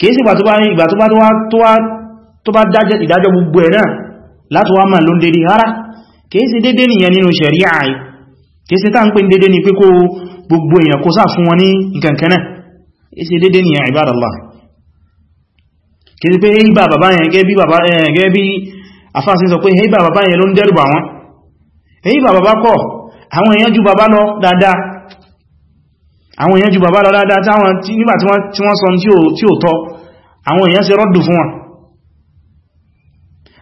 kèèsì ìgbà tó bá ní ìgbà tó bá ìdájọ́ gbogbo ẹ̀ náà láti wá máa ló ń dédé ara kèèsì dédé nìyẹn nínú ṣẹ̀ríà àì kèèsì tá ń pè dédé ní pé kó gbogbo èèyàn kó sáà fún wọn ní nǹkankan náà ibadallah kèèsì pé hébà bàbá yẹn gẹ́gẹ́ bí afásin eh, sọ pé hébà bàbá yẹn ló ń dẹ́rù bà wọn hébà bàbá kọ́ àwọn èèyàn ju bàbá àwọn èèyàn ju bàbá lọ dáadáa táwọn nígbà tí wọ́n sọ tí ó tọ́ àwọn èèyàn ṣe rọ́dù fún wọn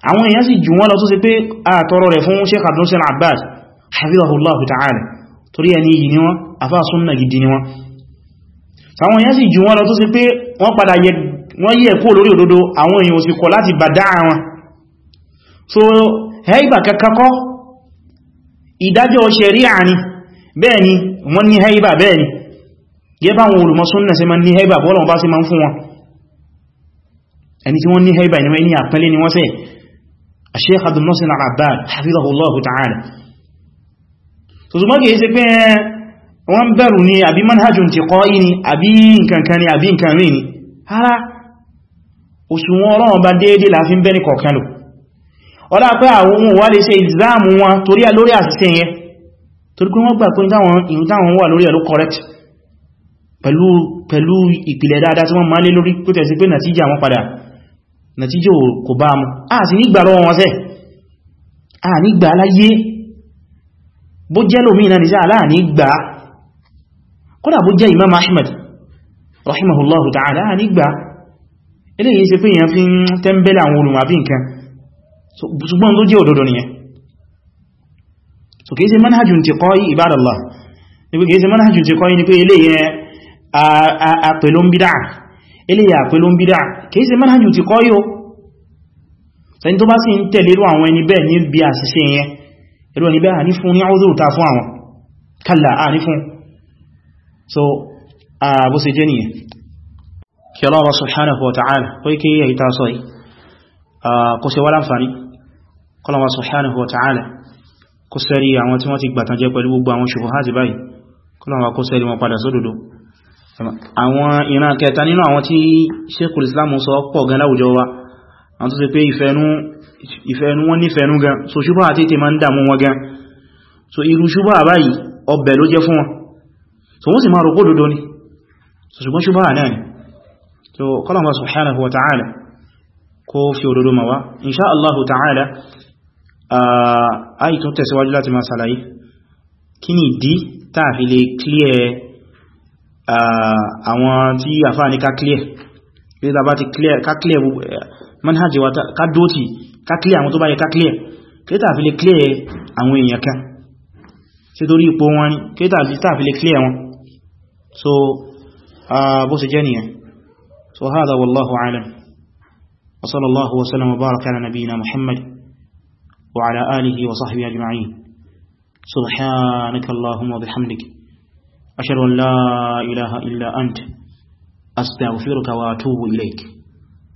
àwọn èèyàn sì jù wọ́n lọ tó ṣe pé àtọrọ rẹ̀ fún Sheikh Abdul Hussein Abbas hafizahullahu ta'ala torí ẹni yìí ni wọ́n afá súnnà gidi ni wọ́n àwọn wọ́n so haiba kakakọ́ ìdájọ́ ṣẹ̀ríà ni bẹ́ẹ̀ ni wọ́n ní haiba bẹ́ẹ̀ gẹ́bà àwọn olùmọ́súnnà sí ma ní haiba bọ́lọ̀ bá sí ma ń fún wọn ẹni tí wọ́n ní haiba ni wọ́n ní àpẹẹlẹ́ ni wọ́n fẹ́ Sheikh Abdul Nasir al-Abbad hafizahullahu ta'ala tó túnmọ́ kìí sí pé wọ́n bẹ̀rù ni àbí manhajun ti kọ́ ní àbí nkankan ni àbí nkan rí ni ara òṣùwọ́n ọlọ́run bá déédé láàfin bẹ́ni kọ̀ọ̀kan lò ọlá pé àwọn ohun lè ṣe ìzáàmù wọn torí à lórí yẹn torí pé wọ́n gbà pé ìtàwọn wà lórí ẹ̀ correct pẹ̀lú ìpìlẹ̀ dáadáa tí wọ́n máa lé lórí kó tẹ̀sí pé nàtíjà wọn padà nàtíjà kò bá mú a sì nígbà rọ wọn sẹ́ a nígbà aláyé bó jẹ́ lómi náà nìsá aláà nígbà kódà bó jẹ́ Imam Ahmad rahimahullahu ta'ala a nígbà eléyìí ṣe pé èyàn fi ń tẹ́mbẹ́lẹ̀ àwọn olùmọ̀bí nǹkan ṣùgbọ́n tó jẹ́ òdodo nìyẹn so kìí ṣe manhajun pé àpèlón bídá eléyà àpèlón bídá kìí ṣe manhajù ti kọ́ yóò sẹ́yìn tó bá sì ń tẹ̀lé irú àwọn ẹni bẹ́ẹ̀ ní bí àṣìṣe yẹn irú ẹni bẹ́ẹ̀ ní fún ní ọdún fún àwọn kàlà à ní fún so bó ṣe jẹ́ nìyẹn kí Allah subhanahu wa ta'ala kí yẹ ta sọ yìí kó ṣe wá láǹfààní àwọn ìran kẹta nínú àwọn tí Sheikhul Islam sọ pọ̀ gan láwùjọ wa àwọn tó ṣe pé ìfẹ́ẹ̀nú wọn nífẹ̀ẹ́nú gan so ṣúbà àti ètè ma ń dàmú wọn gan so irú ṣúbà àbáyìí ọbẹ̀ ló jẹ́ fún wọn so wọ́n sì máa rògbò dodo ni so ṣùgbọ́n ṣúbà náà ni so kọ́lọ̀mà subhanahu wa ta'ala àwọn tí àfá ní ká clear ta bá ti clear ká clear manhajì wa ká dóti ká clear àwọn tó bá yẹ ká clear kéta fi lè clear àwọn èèyàn ká sí torí ipò wọn ni kéta fi lè clear wọn so bó ṣe jẹ́ ni so hádà wallahu alam wa sallallahu wa sallam wa baraka ala nabiyyina muhammad wa ala alihi wa sahbihi ajma'in subhanaka allahumma wa bihamdika أشهد أن لا إله إلا أنت أستغفرك وأتوب إليك